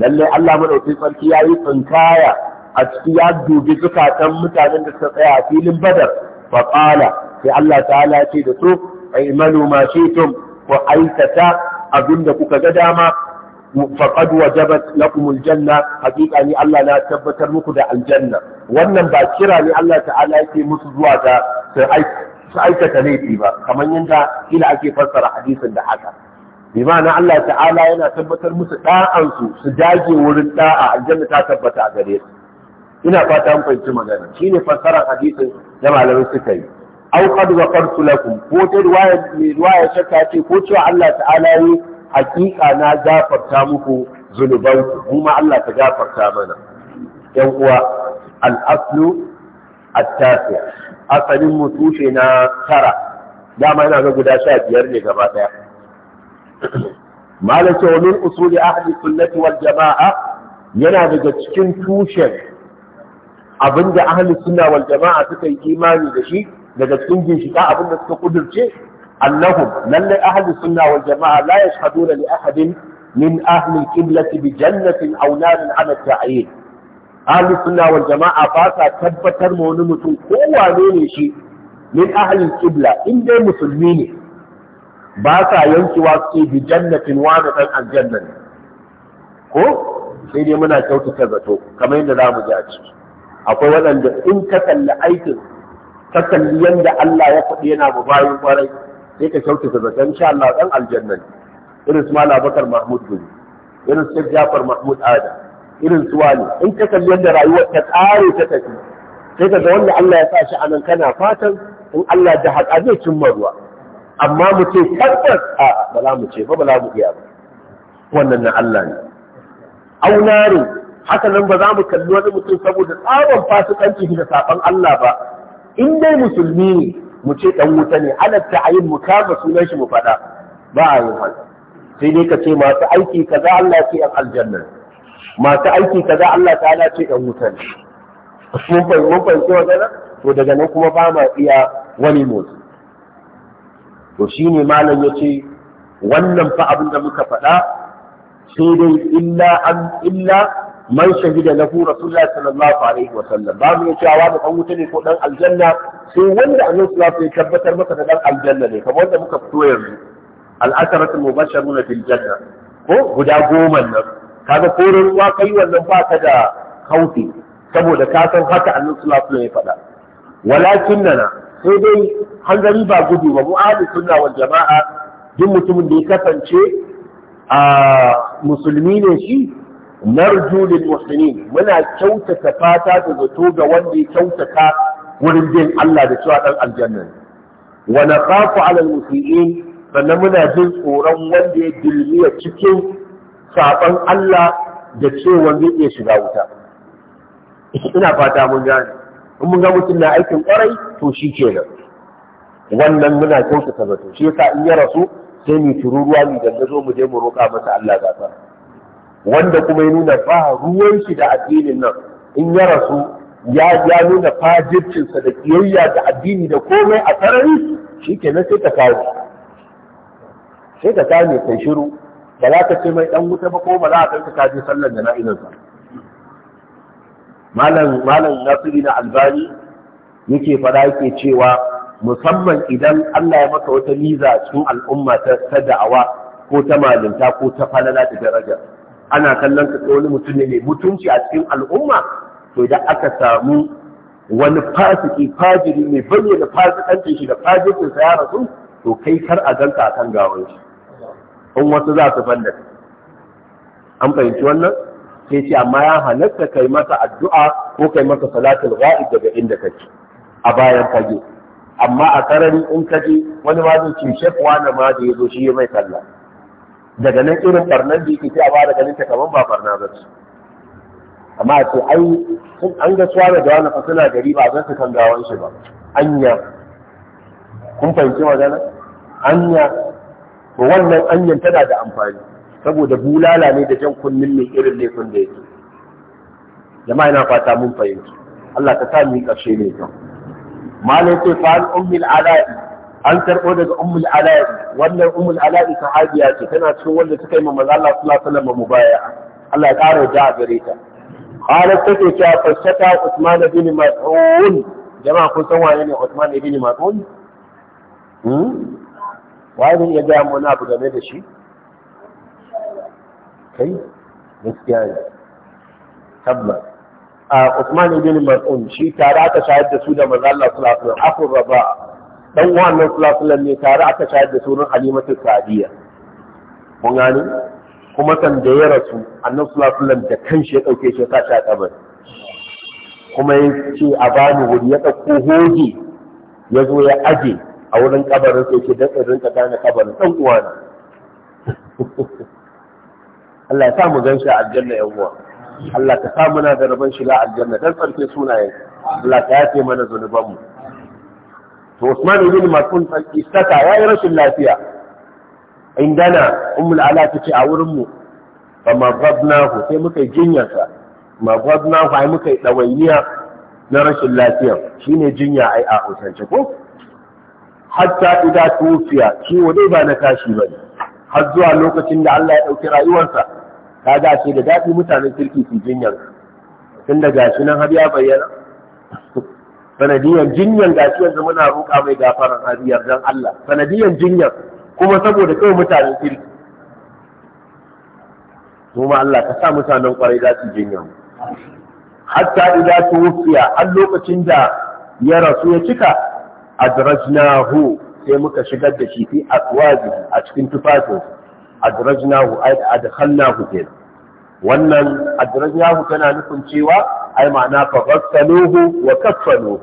lalle Allah madauki sarki yayi tsinkaya a ciki ya dubi zukatan mutanen da suka tsaya a filin Badar fa qala sai Allah ta'ala ce da su aymalu ma shi'tum ku aikata abinda kuka ga dama faqad wajabat lakum aljanna hakika ni Allah na tabbatar muku da aljanna wannan ba kira ne Allah ta'ala yake musu zuwa ta su aikata laifi ba kamar yadda kila ake fassara hadisin da haka bi ma'ana Allah ta'ala yana tabbatar musu da'an su dage wurin da'a aljanna ta tabbata a gare su ina fata an fahimci magana shine fassarar hadisin da malamai suka yi au qad waqartu lakum ko ta riwaya riwaya shakka ce ko cewa Allah ta'ala yi hakika na gafarta muku zunubanku mu ma Allah ka gafarta mana yan uwa al-aslu at-tasi asalin mu tushe na tara dama yana ga guda sha biyar ne gaba daya malam cewa min usuli ahli sunnati wal jama'a yana daga cikin tushen abinda ahli sunna wal jama'a suka yi imani da shi daga cikin ginshika abinda suka kudurce annahum lallai ahli sunna wal jama'a la yashhaduna li ahadin min ahli al-qiblati bi jannatin aw narin ala ta'yin ahli sunna wal jama'a ba sa tabbatar ma wani mutum ko wane ne shi min ahli al-qibla in dai musulmi ne ba sa yankewa su bi jannatin wani dan aljanna ne ko sai dai muna kyautata zato kamar yadda za mu ji a ciki akwai waɗanda in ka kalli aikin ka kalli yadda Allah ya faɗi yana mu bayan kwarai sai ka kyautata zaton insha Allah dan aljanna irin su Malam Bakar Mahmud Gumi irin su Jafar Mahmud Ada irin su wani in ka kalli yadda rayuwar ta tsare ta tafi sai ka ga wanda Allah ya sa shi anan kana fatan in Allah da haƙa zai cimma ruwa amma mu ce tabbas a ba za mu ce ba ba za mu iya ba wannan na Allah ne aunarin haka nan ba za mu kalli wani mutum saboda tsaron fasikanci da saban Allah ba in dai musulmi ne mu ce ɗan wuta ne halatta a yi mu kama sunan shi mu faɗa ba a yin haka sai dai ka ce masu aiki kaza Allah ce yan aljanna masu aiki kaza Allah ta ta'ala ce ɗan wuta ne mun fahimci wannan to daga nan kuma ba ma iya wani motsi to shine malam yace wannan fa abin da muka faɗa sai dai illa an illa man shahida lahu rasulullahi sallallahu alaihi wa sallam ba mu wa wani dan wuta ne ko dan aljanna sai wanda annabi sallallahu alaihi tabbatar masa da dan aljanna ne kamar wanda muka fito yanzu al-asharatu mubashsharuna fil janna ko guda goma nan kaga ko ruwa kai wannan ba ka da kaufi saboda ka san haka annabi sallallahu alaihi ya faɗa walakinnana sai dai hanzari ba gudu ba mu sunna wal jama'a duk mutumin da ya kasance a ah, musulmi ne shi narju lil muhsinin muna kyautata fata da zato ga wanda ya kyautata wurin bin Allah da cewa dan aljanna ne wa naqafu ala al musiin sannan muna jin tsoron wanda ya dilmiya cikin saban Allah da cewa zai iya shiga wuta ina fata mun gane in mun ga mutum na aikin kwarai to shi kenan wannan muna kyautata zato shi in ya rasu sai mu tururuwa ne mu na zo muje mu roƙa masa Allah gasar. wanda kuma ya nuna ba ruwan shi da addinin nan in ya rasu ya ya nuna fajircinsa da kiyayya da addini da komai a sarari shi ke na sai ka kawo sai ka kame kai shiru ba za ka ce mai dan wuta ba ko ba za ka ka je sallar da na'izarsa malam malam nasiru na albani yake fada yake cewa musamman idan Allah ya maka wata niza cikin al'umma ta da'awa ko ta malinta ko ta falala da daraja ana kallon ka wani mutum ne mai mutunci a cikin al'umma to idan aka samu wani fasiki fajiri mai bayyana fasikancin shi da fajircin sa ya rasu to kai kar a ganka a kan gawan shi in wasu za su fallata an fahimci wannan sai ce amma ya halatta kai masa addu'a ko kai masa salatul ghaib daga inda kake a bayan fage amma a karari in kaje wani ma zai ce shekwa na ma da yazo shi mai sallah daga nan irin barnar da yake a bada ganin ta kamar ba barna ba ce amma a ce ai sun an ga suwa da wani suna gari ba zan su kan gawan shi ba anya kun fahimci magana anya to wannan anyan tana da amfani saboda bulala ne da jan kunnin mai irin laifin da yake jama'a ina fata mun fahimci Allah ka sa mu yi ƙarshe ne kyau malai sai fa'al ummil ala'i an karɓo daga ummul ala'i wannan ummul ala'i sahabiya ce tana cikin wanda suka yi ma manzo Allah sallallahu alaihi wasallam mubaya Allah ya ƙara da gare ta qalat take cewa fasata Usman bin Mas'ud jama'a kun san waye ne Usman bin Mas'ud hmm waye ne ya ga mu na abu game da shi kai gaskiya ne tabbas a Usman ibn Mas'ud shi tare aka shahid su da manzo Allah sallallahu alaihi wasallam akur raba dan uwan nan sallallahu ne tare aka shayar da sunan halimatu sa'diya kun gani kuma san da ya rasu annabi sallallahu alaihi da kanshi ya dauke shi ya sa kabar kuma ya ce a bani wuri ya dauko hoji ya zo ya aje a wurin kabarin sai ke dan irin ta gane kabarin dan uwana [laughs] Allah ya sa mu gan shi a aljanna yan uwa Allah ka sa muna da rabon shi la aljanna dan tsarki sunaye. Allah ka yafe mana zunubanmu to Usman ibn Mas'ud istaka ya yi rashin lafiya indana ummul ala ta ce a wurin mu fa maghabnahu sai muka yi jinyarsa maghabnahu ai muka yi dawainiya na rashin lafiya shine jinya ai a Hausance ko hatta ida tufiya ciwo dai ba na tashi ne. har zuwa lokacin da Allah ya dauki rayuwarsa ta ce da dadi mutanen kirki su jinyar tun da gashi nan har ya bayyana sanadiyan jinyan gashi yanzu muna roƙa mai gafaran hariyar dan Allah sanadiyan jinyan kuma saboda kawai mutanen kirki kuma Allah ka sa mutanen kwarai za su jinyan hatta idan wufiya har lokacin da ya rasu ya cika adrajnahu sai muka shigar da shi fi aswaji a cikin tufafin adrajnahu ay adkhalnahu kenan wannan yahu tana nufin cewa ai ma'ana fa fassaluhu wa kaffanuhu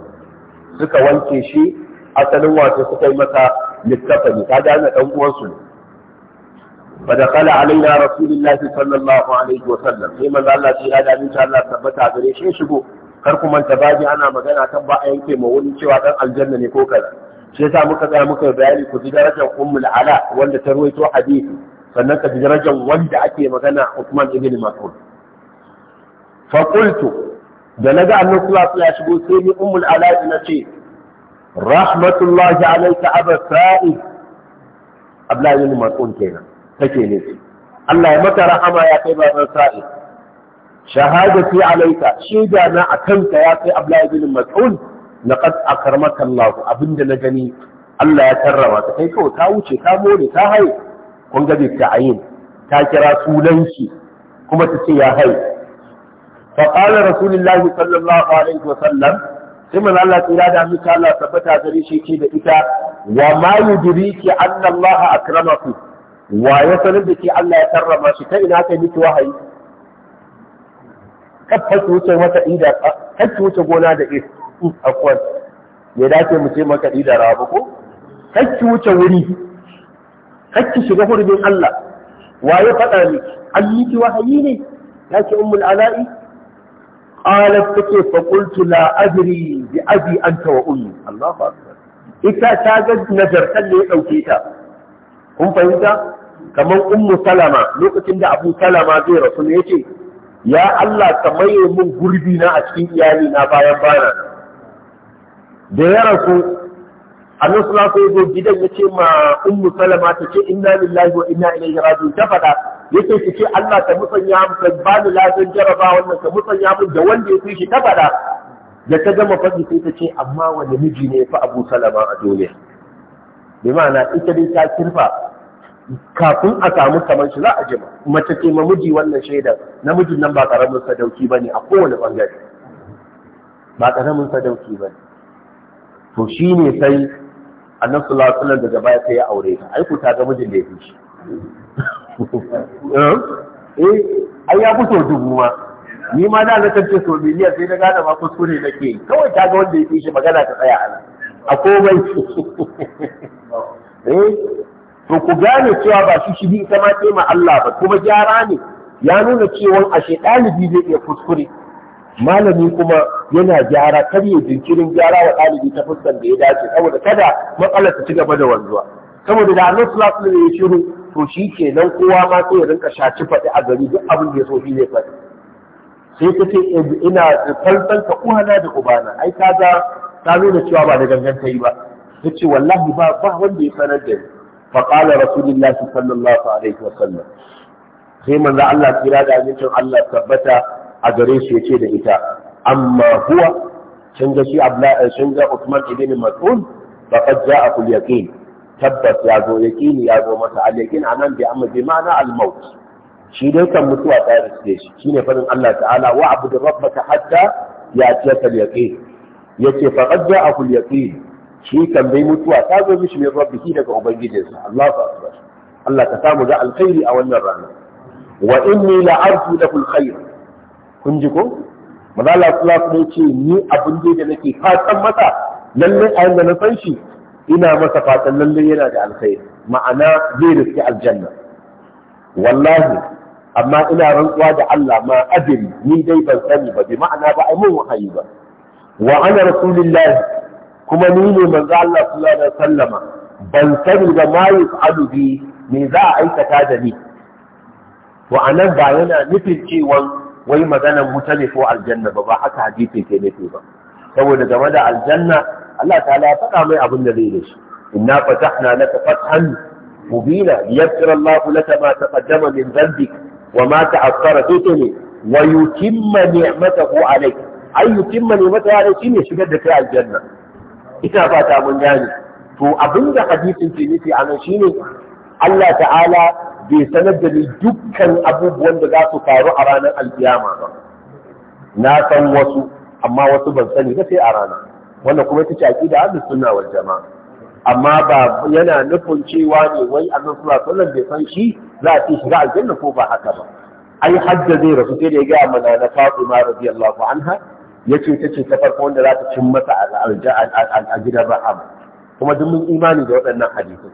suka wanke shi asalin wato suka yi masa littafani Ta ana dan uwansu ne فدخل علينا رسول الله صلى الله عليه وسلم sai manzo Allah sai ya da min Allah tabbata gare shi shigo kar ku manta baji ana magana kan ba a yanke ma wani cewa dan aljanna ne ko kaza shi yasa muka ga muka bayani ku ji darajar ummul ala wanda ta ruwaito hadisi sannan ka darajar wanda ake magana Usman ibn Mas'ud fa qultu da naga annabi sallallahu alaihi ya shigo sai ni ummul ala'i na ce rahmatullahi alayka aba sa'id Abdullahi ibn Mas'ud kenan take ne Allah ya maka rahama ya kai baban sa'id shahadati alayka shaida na akanka ya kai Abdullahi ibn Mas'ud laqad akramaka Allah abinda na gani Allah ya karrama ka kai kawai ta wuce ta more ta haihu. kun ga ta'ayin ta kira sunan kuma ta ce ya hai fa qala rasulullahi sallallahu alaihi wa sallam sai manzo Allah tsira da miki Allah tabbata gare shi ke da ita wa ma yudriki anna Allah akramaku wa ya sanar da ke Allah ya karrama shi ta ina kai miki wahayi kafa ki wuce mata ida kafa wuce gona da is akwai ya dace mu ce maka ida rabu ko kafa wuce wuri ki shiga hurbin Allah Wa ya faɗa miki an miki wahayi ne yake ummul ala'i qalat take fa qultu la adri bi abi anta wa ummi Allahu akbar ita ta ga najartan ya dauke ta kun fahimta kamar ummu salama lokacin da abu salama zai rasu ne yace ya Allah ka maye mun gurbi na a cikin iyali na bayan bana da ya rasu annabi sallallahu alaihi wasallam gidan ce ma ummu salama ta ce inna lillahi wa inna ilaihi raji'un ta fada yace ki ce Allah ka musanya mu ka ba ni lafiyan jaraba wannan ka musanya mu da wanda ya fi shi ta fada da ta gama faɗi sai ta ce amma wani miji ne fa Abu Salama a duniya bi ma'ana ita dai ta kirfa kafin a samu kamar shi za a jima mace ce ma miji wannan shaidar namijin nan ba karamin sadauki bane a kowane bangare ba karamin sadauki bane to shine sai annan su alaihi daga baya sai ya aure ta aiku ta ga mijin da ya fi shi eh, eh ai ya fito dubu ma ni ma da na ce so miliya sai na gane ma kuskure nake kawai ta ga wanda ya fi shi magana ta tsaya ana a komai [laughs] eh to ku gane cewa ba shi shi ita ma ce ma Allah ba kuma gyara ne ya nuna cewa a ashe biyu zai iya kuskure malami kuma yana gyara kar ya jinkirin gyara wa ɗalibi ta fuskar da ya dace saboda kada matsalar ta ci gaba da wanzuwa saboda da annabi sallallahu alaihi wasallam ya shiru to shi kenan kowa ma sai ya rinka shaci faɗi a gari duk abin da ya so shi zai faɗi sai ta ce eh, ina falfal ka uwana da ubana ai ka ga ta nuna cewa ba da ganganta yi ba ta ce wallahi ba ba wanda ya sanar da ni fa qala rasulullahi sallallahu alaihi wasallam sai manzo Allah kira da amincin Allah tabbata a gare shi yace da ita amma huwa can ga shi Abdullahi can eh, ga Uthman ibn Mas'ud faqad ja'a kul yaqin tabbas ya zo yaqini ya zo masa al yaqin anan bi amma bi ma'ana al maut shi dai kan mutuwa ta riske shi shine farin Allah ta'ala wa abudu rabbaka hatta ta al yaqin yace faqad ja'a kul yaqin shi kan bai mutuwa ta zo mishi min rabbihi daga ubangijinsa Allahu akbar Allah ka samu da alkhairi a wannan rana wa inni la'arju lakum khair kun ji ko manzala sallallahu alaihi ce ni abin da nake fatan masa lalle a yanda na san shi ina masa fatan lalle yana da alkhairi ma'ana zai riski aljanna wallahi amma ina rantsuwa da Allah ma adiri ni dai ban sani ba bi ma'ana ba ai mun wahayi ba wa ana kuma ni ne manzo Allah sallallahu alaihi wasallama ban sani ba ma yuf'alu bi me za a aikata da ni wa anan ba yana nufin cewa wai maganan wuta ne ko aljanna ba ba haka hadisi ke nufi ba saboda game da aljanna Allah ta'ala ya faɗa mai abin da zai da shi inna fatahna laka fathan mubina liyaghfira Allahu laka ma taqaddama min dhanbik wa ma ta'akhkhara tutuni wa yutimma ni'matahu alayk ay yutimma ni'matahu alayk shine shigar da kai aljanna ita ba fata mun gane to abinda hadisin ke nufi anan shine Allah ta'ala bai sanar da ni dukkan abubuwan da za su faru a ranar alkiyama ba na san wasu amma wasu ban sani ba sai a rana wannan kuma ita ce aqida ahlus sunna wal jamaa amma ba yana nufin cewa ne wai annabi sallallahu alaihi wasallam bai san shi za a ci shiga aljanna ko ba haka ba ai hajja zai rasu sai da ya ga mana na Fatima radiyallahu anha yace ta ce ta farko wanda za ta cin masa a gidan rahama kuma duk mun imani da waɗannan hadisi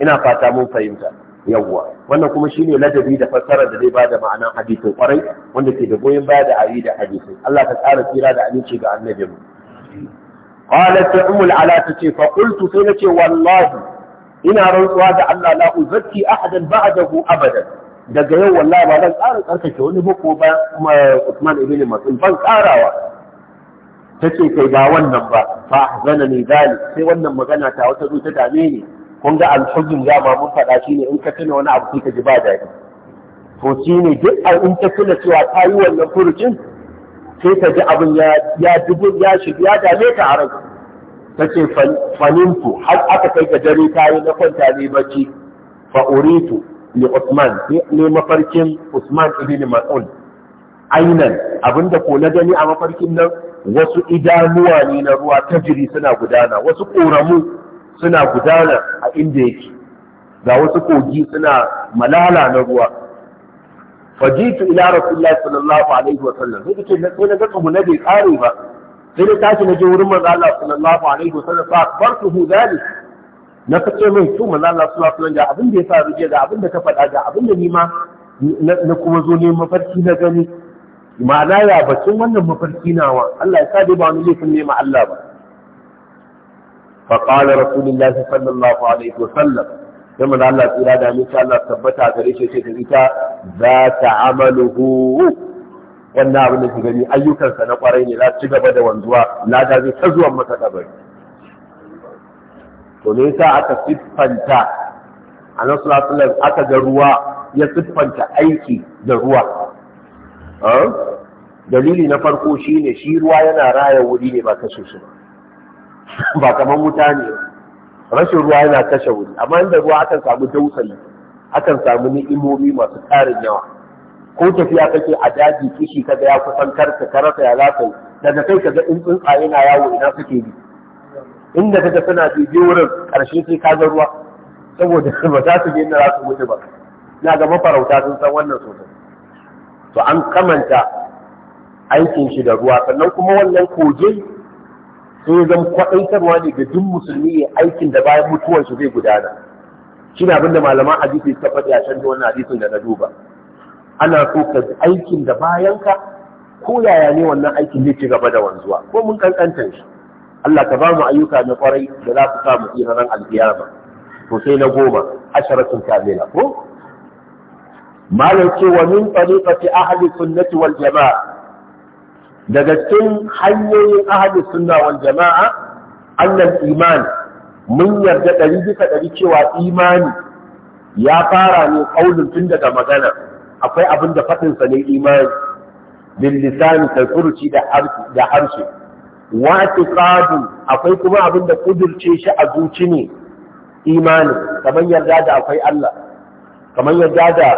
ina fata mun fahimta yawwa wannan kuma shine ladabi da fassara da zai bada ma'anan hadisin kwarai wanda ke da goyon baya da ayi da hadisin Allah ka tsara tsira da aminci ga annabi mu qalat ummu ala tace fa qultu sai nace wallahi ina rantsuwa da Allah la uzakki ahadan ba'dahu abadan daga yau wallahi ba zan tsara tsarkake wani ba ko ba kuma Usman ibn Mas'ud ban tsarawa tace kai ba wannan ba fa ahzanani zalik sai wannan magana ta wata zuta dame ni kun ga alhuzun dama mun faɗa shi ne in ka tuna wani abu sai ka ji ba daɗi to shi ne duk in ka tuna cewa ta yi wannan furucin sai ka ji abin ya dubu ya shiga ya dame ka a rai ta ce fanintu har aka kai ka dare ta yi na kwanta ne bacci fa uritu li Usman ne mafarkin Usman ibn Mas'ud ainan abinda ko na gani a mafarkin nan wasu idanuwa ne na ruwa ta jiri suna gudana wasu ƙoramu suna gudana a inda yake ga wasu kogi suna malala na ruwa fajitu ila rasulullahi sallallahu alaihi wa sallam sai kace sai na ga na bai kare ba sai na tashi na je wurin manzo Allah sallallahu alaihi wa sallam fa akbartuhu dhalik na fice mai to manzo Allah sallallahu alaihi wa sallam ga abin da ya faru ga abin da ka faɗa ga abin da ni ma na kuma zo ne mafarki na gani ma'ana ya bacin wannan mafarki nawa Allah ya sa dai ba wani laifin ne ma Allah ba فقال رسول الله صلى الله عليه وسلم كما قال الله تعالى ده ان شاء الله ثبت غري شي ce za ta amaluhu wannan abin da ke gani ayyukansa na kwarai ne za su ci gaba da wanzuwa lada zai ta zuwa to ne aka siffanta a aka ga ruwa ya siffanta aiki da ruwa dalili na farko shine shi ruwa yana raya wuri ne ba kashe shi ba ba kamar wuta ne rashin ruwa yana kashe wuri amma inda ruwa akan samu dausayi akan samu ni'imomi masu tarin yawa ko tafiya kake a daji kishi kaga ya kusan karka karasa ya zaka yi daga kai kaga in tsuntsaye na yawo ina suke bi inda kaga suna bije wurin karshe sai ka ga ruwa saboda ba za su je inda za su mutu ba na ga mafarauta sun san wannan sosai to an kamanta aikin shi da ruwa sannan kuma wannan kogin sai ya zama kwaɗaitarwa ne ga duk musulmi ya aikin da bayan mutuwarsu zai gudana shi ne abinda malaman hadisi ta faɗi a can da wannan hadisin da na duba ana so ka aikin da bayan ka ko yaya ne wannan aikin ne, ci gaba da wanzuwa ko mun kankanta shi Allah ka ba mu ayyuka na kwarai da za su sa mu tsiraran alkiyama to sai na goma asharatun kamila ko malam ce wa min tariqati ahli sunnati wal jama'a daga cikin hanyoyin ahli sunna wal jama'a annan iman mun yarda ɗari bisa ɗari cewa imani ya fara ne ƙaunin tun daga magana akwai abin da faɗinsa ne imani bil lisani kai furuci da harshe wa tiqadu akwai kuma abin da kudurce shi a zuci ne imani kamar yarda da akwai Allah kamar yarda da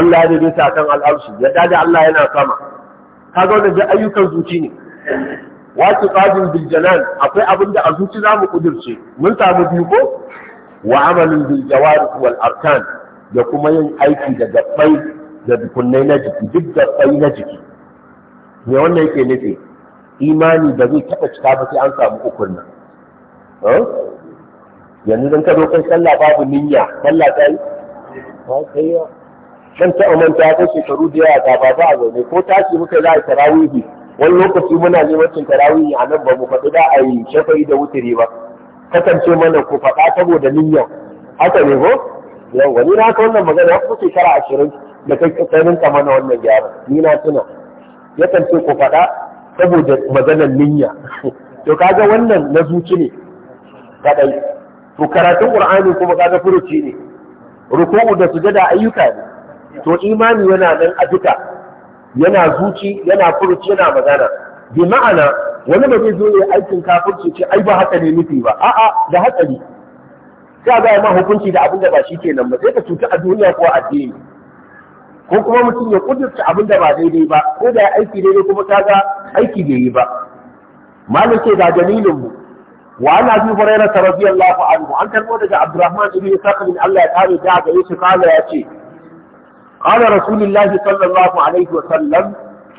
Allah ne bisa kan al'arshi yarda da Allah yana sama kaga wannan da ayyukan zuci ne wasu qadin bil akwai abin da a zuci zamu kudirce mun samu biyu ko wa amalin bil jawarih wal arkan da kuma yin aiki da gabbai da dukunnai na jiki duk gabbai na jiki me wannan yake nufi imani da zai taɓa cika ba sai an samu ukun nan eh? yanzu dan ka zo sallah babu niyya sallah ta yi kan ta manta ta shekaru da yawa ta ba a zaune ko tashi muka za a tarawihi wani lokaci muna neman cin tarawihi a nan ba mu faɗi za a yi shafa'i da wuturi ba kasance mana ku faɗa saboda niyyar haka ne ko yau ni na ka wannan magana ku shekara ashirin da kai tsakanin ka mana wannan gyara ni na tuna ya kance ku faɗa saboda maganar niyya [laughs] to kaga wannan na zuci ne kaɗai to karatun qur'ani kuma kaga furuci ne ruku'u da sujada ayyuka ne to imani yana nan a duka yana zuci yana furuci yana magana bi ma'ana wani ba zai zo ya aikin kafirci ce ai ba haka ne nufi ba a'a da hatsari ka ga ma hukunci da abin da ba shi kenan ba sai ka cuta a duniya ko addini ko kuma mutum ya kudurta abin da ba daidai ba ko da ya aiki daidai kuma ga aiki bai yi ba malam ce ga dalilin mu wa ana bi hurairah radiyallahu anhu an karbo daga abdurrahman ibn saqib Allah ya kare ta ga yusuf kala ya ce qala rasulullahi sallallahu alaihi wa sallam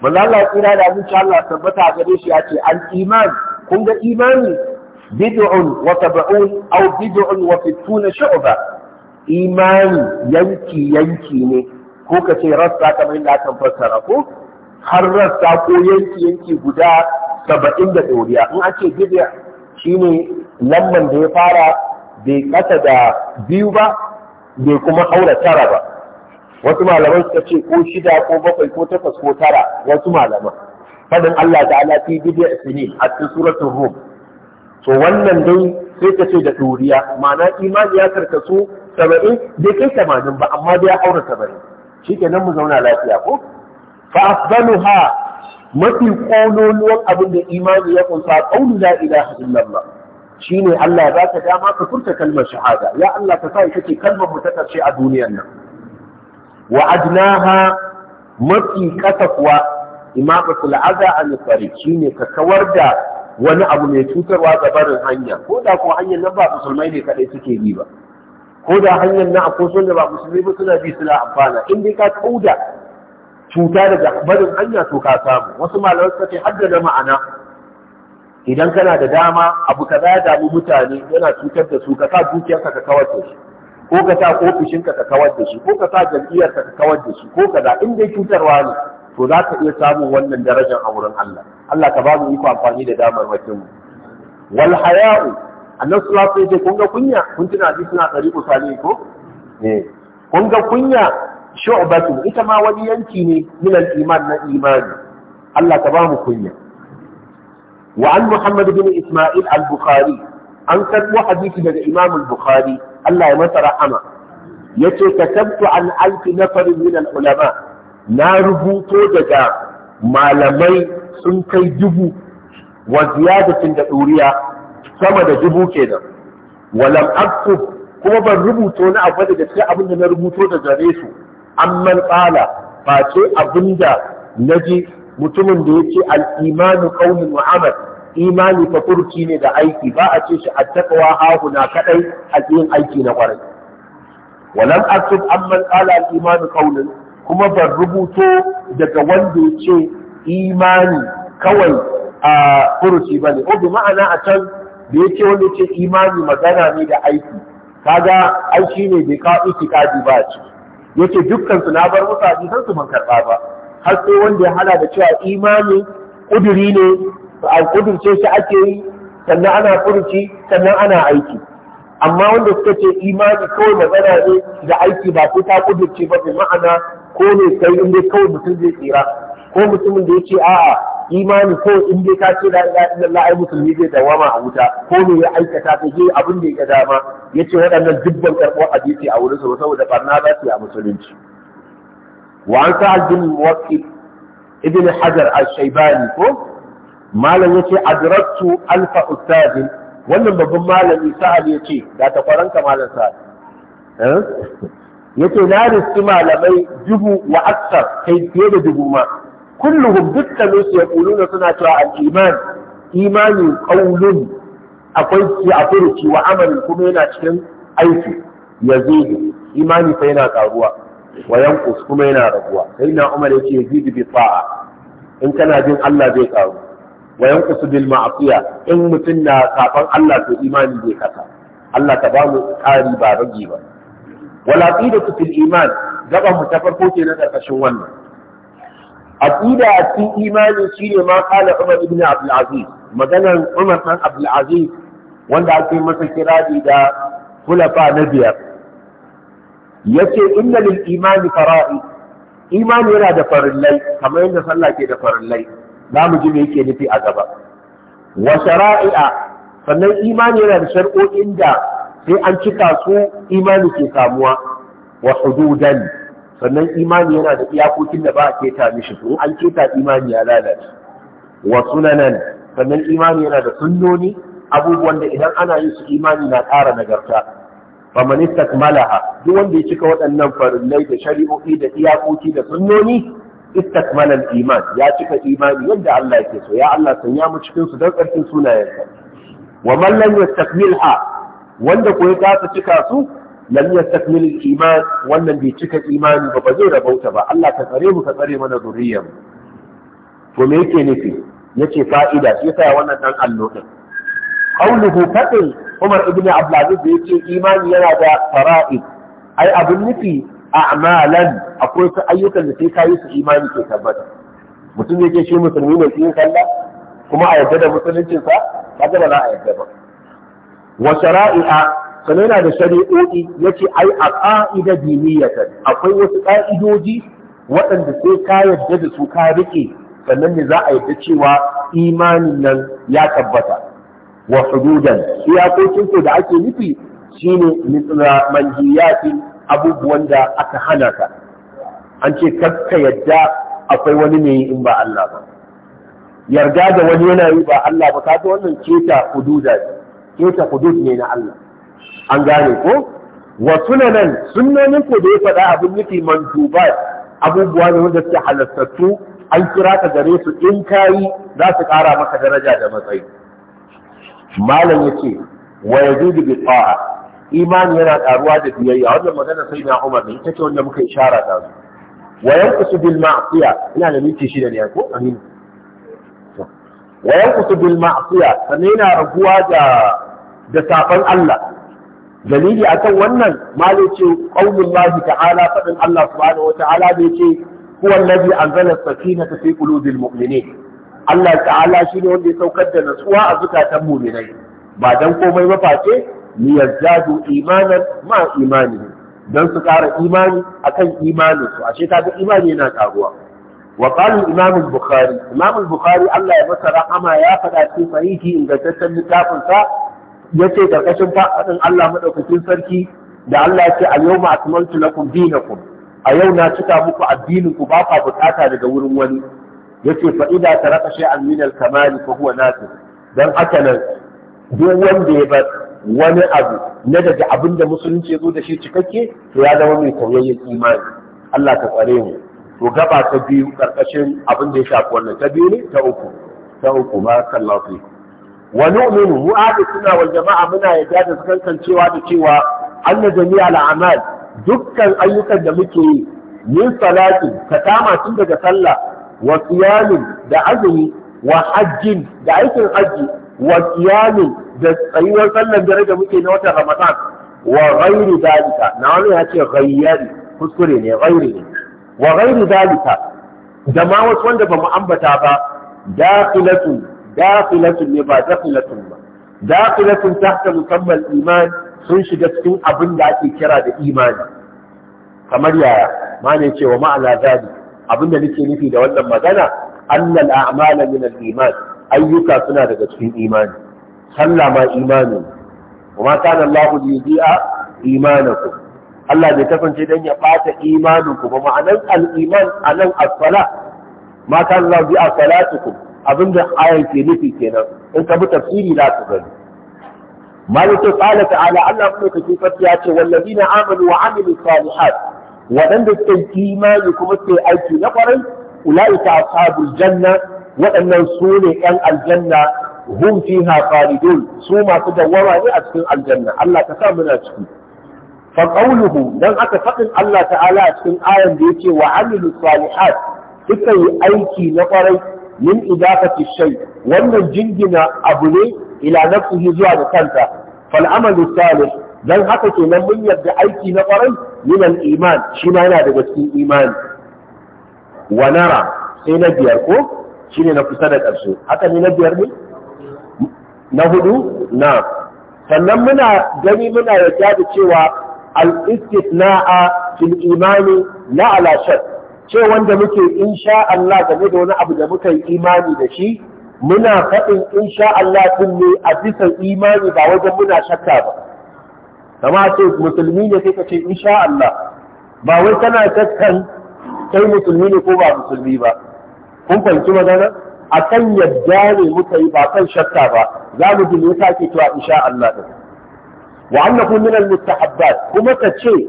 wallahi kira da mun Allah tabbata gare shi yace al iman kun ga imani bid'un wa sab'un aw bid'un wa sittuna shu'ba imani yanki yanki ne ko ka ce rassa kamar yadda aka fassara ko har rassa ko yanki yanki guda saba'in da ɗoriya in an ce bid'a shine lamman da ya fara bai kasa da biyu ba bai kuma haura tara ba wasu malaman suka ce ko shida ko bakwai ko takwas ko tara wasu malaman fadin Allah ta'ala fi bid'a sinin a cikin suratul rum to wannan dai sai ka ce da duriya ma'ana imani ya karkasu saba'in bai kai tamanin ba amma dai ya aura saba'in shikenan mu zauna lafiya ko fa afdaluha mafi kololuwan abin da imani ya kunsa qawlu la ilaha illallah shine Allah ya baka dama ka furta kalmar shahada ya Allah ka sa ita ce kalmar mu ta a duniyar nan wa mafi kasa kuwa imamatu la'aza an tsari shine ka kawar da wani abu mai cutarwa ga barin hanya ko da kuwa hanyar nan ba musulmai ne kadai suke bi ba ko da hanyar nan akwai sun da ba musulmai ba suna bi suna amfana in dai ka kauda cuta daga barin hanya to ka samu wasu malamai suka ce haddada ma'ana idan kana da dama abu kaza ya damu mutane yana cutar da su ka sa dukiyarka ka kawar da shi ko ka sa ofishinka ka kawar da shi ko ka sa jam'iyyar ka kawar da shi ko ka da, in dai cutarwa ne to za ka iya samun wannan darajar a wurin Allah Allah ka ba mu iko amfani da damar wakin mu wal haya'u annabi sallallahu alaihi wasallam kun ga kunya kun tuna hadisi na tariqu salih ko eh kun ga kunya shu'batu ita ma wani yanki ne min al-iman na imani Allah ka ba mu kunya wa an Muhammad bin Isma'il al-Bukhari an karbo hadisi daga Imam al-Bukhari Allah ya masa rahama yace katabtu an alfi farin min ulama na rubuto daga malamai sun kai dubu wa ziyadatin da ɗuriya sama da dubu kenan walam aktub kuma ban rubuto na abu daga cikin abin da na rubuto da gare su amman tsala face abinda naji mutumin da yake al-imanu qawlun wa amal imani fa turki ne da aiki ba a ce shi a taqwa na kadai a cikin aiki na kwarai walam aktub amman qala al imanu qawlan kuma ban rubuto daga wanda ya ce imani kawai a furuci ba ne, obi ma'ana a can da ya ce wanda ce imani magana ne da aiki, kaga ga ne bai kawo kaji ba a ya ce dukkansu na bar musu su ban karɓa ba, har sai wanda ya hana da cewa imani ƙuduri ne a kudurce shi ake yi sannan ana furuci sannan ana aiki amma wanda suka ce imani kawai magana ne da aiki ba sai ta kudurce ba bi ma'ana ko ne sai in kawai mutum zai tsira ko mutumin da ce a'a imani ko in dai ka ce la ilaha illallah ai musulmi zai dawama a wuta ko ne ya aikata ta je abin da ya dama yace waɗannan dubban karɓar hadisi a wurin sa saboda barna za su yi a musulunci wa an sa'ad bin muwaqqi ibn hajar al-shaybani ko malam yace adraktu alfa ustadin wannan babban malami sa'ad yace da ta malam sa'ad eh yace na risu malamai dubu wa aksar kai fiye da dubu ma kulluhum dukkan su yaquluna suna cewa al-iman imani qaulun akwai ci a furuci wa amalin kuma yana cikin aiki yazidu imani fa yana karuwa wa yanqus kuma yana raguwa sai na umar yace yazidu bi ta'a in kana jin Allah zai karu wa yanqusu bil ma'siya in mutum na kafan Allah to imani zai kasa Allah ta ba mu ƙari ba rage ba wal aqidatu fil iman gaban mu ta farko ke na karkashin wannan aqida a cikin imani shine ma qala Umar ibn Abdul Aziz maganar Umar ibn Abdul Aziz wanda ake masa kirari da kulafa na biyar yace inna lil imani fara'i imani yana da farillai kamar yadda sallah ke da farillai za mu ji me yake nufi a gaba wa shara'i'a sannan imani yana da shar'o'in da sai an cika su imani ke samuwa wa hududan sannan imani yana da iyakokin da ba a keta mishi to an keta imani ya lalace wa sunanan sannan imani yana da sunnoni abubuwan da idan ana yin su imani na ƙara nagarta faman istakmalaha duk wanda ya cika waɗannan farillai da shari'o'i da iyakoki da sunnoni Istakmalan iman ya cika imani yadda Allah yake so ya Allah sanya mu cikin su dan tsarkin sunayensa. wa man lam yastakmilha wanda ko ya kasa cika su lam yastakmil iman wannan bai cika imani ba ba zai rabauta ba Allah ka tsare mu ka tsare mana zuriyar to me yake nufi yace fa'ida shi yasa wannan dan allo din qauluhu fadin Umar ibn Abdul Aziz yace imani yana da fara'id ai abun nufi a'malan akwai su ayyukan da sai ka yi su imani ke tabbata mutum yake shi musulmi ne cikin sallah kuma a yadda da musuluncin sa kaga ba za a yadda ba wa shara'i'a sanan yana da shari'o'i yace ai a qa'ida diniyatan akwai wasu ka'idoji waɗanda sai ka yadda da su ka rike sannan ne za a yadda cewa imanin nan ya tabbata wa hududan iyakokin ko da ake nufi shine mithla manhiyatin abubuwan da aka hana ka an ce ka yadda akwai wani ne in ba Allah ba yarda da wani yana yi ba Allah ba kaga wannan keta hududa keta hudud ne na Allah an gane ko wa sunanan sunanin ko da ya faɗa abin nufi mantuba abubuwa ne wanda suke halastattu an kira ka gare su in kayi za su ƙara maka daraja da matsayi malam yace wa yajudu bi ta'a imani yana karuwa da biyayya wannan magana sai na Umar ne ita ce wanda muka ishara da su wa yanqusu bil ma'siya ina da miki shi da ne ko amin wa yanqusu bil ma'siya sannan yana raguwa da da safan Allah dalili akan wannan malai ce qaulullahi ta'ala fadin Allah subhanahu wa ta'ala da yake huwa allazi anzala as-sakinata fi qulubil mu'minin Allah ta'ala shi ne wanda ya saukar da natsuwa a zukatan mu'minai ba dan komai ba face liyazdadu imanan ma imani dan su ƙara imani akan imanin su ashe kaga imani yana karuwa wa qala imam bukhari imam bukhari Allah ya masa rahama ya faɗa cikin sahihi ingantaccen littafin sa yace karkashin faɗin Allah madaukakin sarki da Allah ya ce al-yawma akmaltu lakum dinakum a yau na cika muku addinin ku ba ka bukata daga wurin wani yace fa idza taraka shay'an min al-kamali fa huwa nasir dan haka nan duk wanda ya bar wani abu na daga abin da musulunci ya zo da shi cikakke to ya zama mai tauyayyen imani Allah ta tsare mu to gaba ta biyu karkashin abin da ya shafi wannan ta biyu ne ta uku ta uku ma sallallahu su wa nu'minu mu ahli suna wal jama'a muna yadda da kankancewa da cewa anna jami'a a'mal dukkan ayyukan da muke yi min salati ka kama tun daga sallah wa qiyamin da azumi wa hajjin da aikin hajji wa kiyamin da tsayuwar sallar dare da muke na watan Ramadan wa ghairi dalika na wani ya ce ghayyari kuskure ne ghairi ne wa ghairi dalika da ma wasu wanda ba mu ambata ba dakhilatu ne ba dakhilatu ba dakhilatu tahta musamman iman sun shiga cikin abin da ake kira da imani kamar yaya ma cewa ma'ana zali abin da nake nufi da wannan magana annal a'mala min al-iman ayyuka suna daga cikin imani sallah ma imani kuma kana Allahu yudhi'a imanakum Allah bai kasance dan ya bata imanin ku ba ma'anan al-iman anan as-sala ma kana Allahu yudhi'a salatukum abinda ayan ke nufi kenan in ka bi tafsiri za ka gani maliku qala ta'ala Allah kuma kake fati ya ce wallazina amanu wa amilu salihat waɗanda suka imani kuma suka aiki na kwarai ulaika ashabul janna waɗannan su ne ‘yan aljanna hum fiha khalidun su masu dawwama ne a cikin aljanna Allah ka sa muna ciki fa qawluhu dan aka faɗin Allah ta'ala a cikin ayan da ce wa amilu salihat suka yi aiki na kwarai min idafati shay wannan jingina abu ne ila nafsihi zuwa da kanta fal amalu salih dan haka kenan mun yarda aiki na kwarai min al iman shi ma yana daga cikin imani wa nara sai na biyar ko shine na kusa da ƙarshe haka ne na biyar ne na hudu na sannan muna gani muna yarda da cewa al-istithna'a fil imani la ala shak ce wanda muke insha Allah game da wani abu da muka yi imani da shi muna faɗin insha Allah din ne a bisa imani ba wajen muna shakka ba kama ce musulmi ne sai ka ce insha Allah ba wai kana shakkan kai musulmi ne ko ba musulmi ba kun fahimci magana a kan yadda ne muka yi ba kan shakka ba za mu ji me yasa ake cewa insha Allah din wa annahu min al kuma ka ce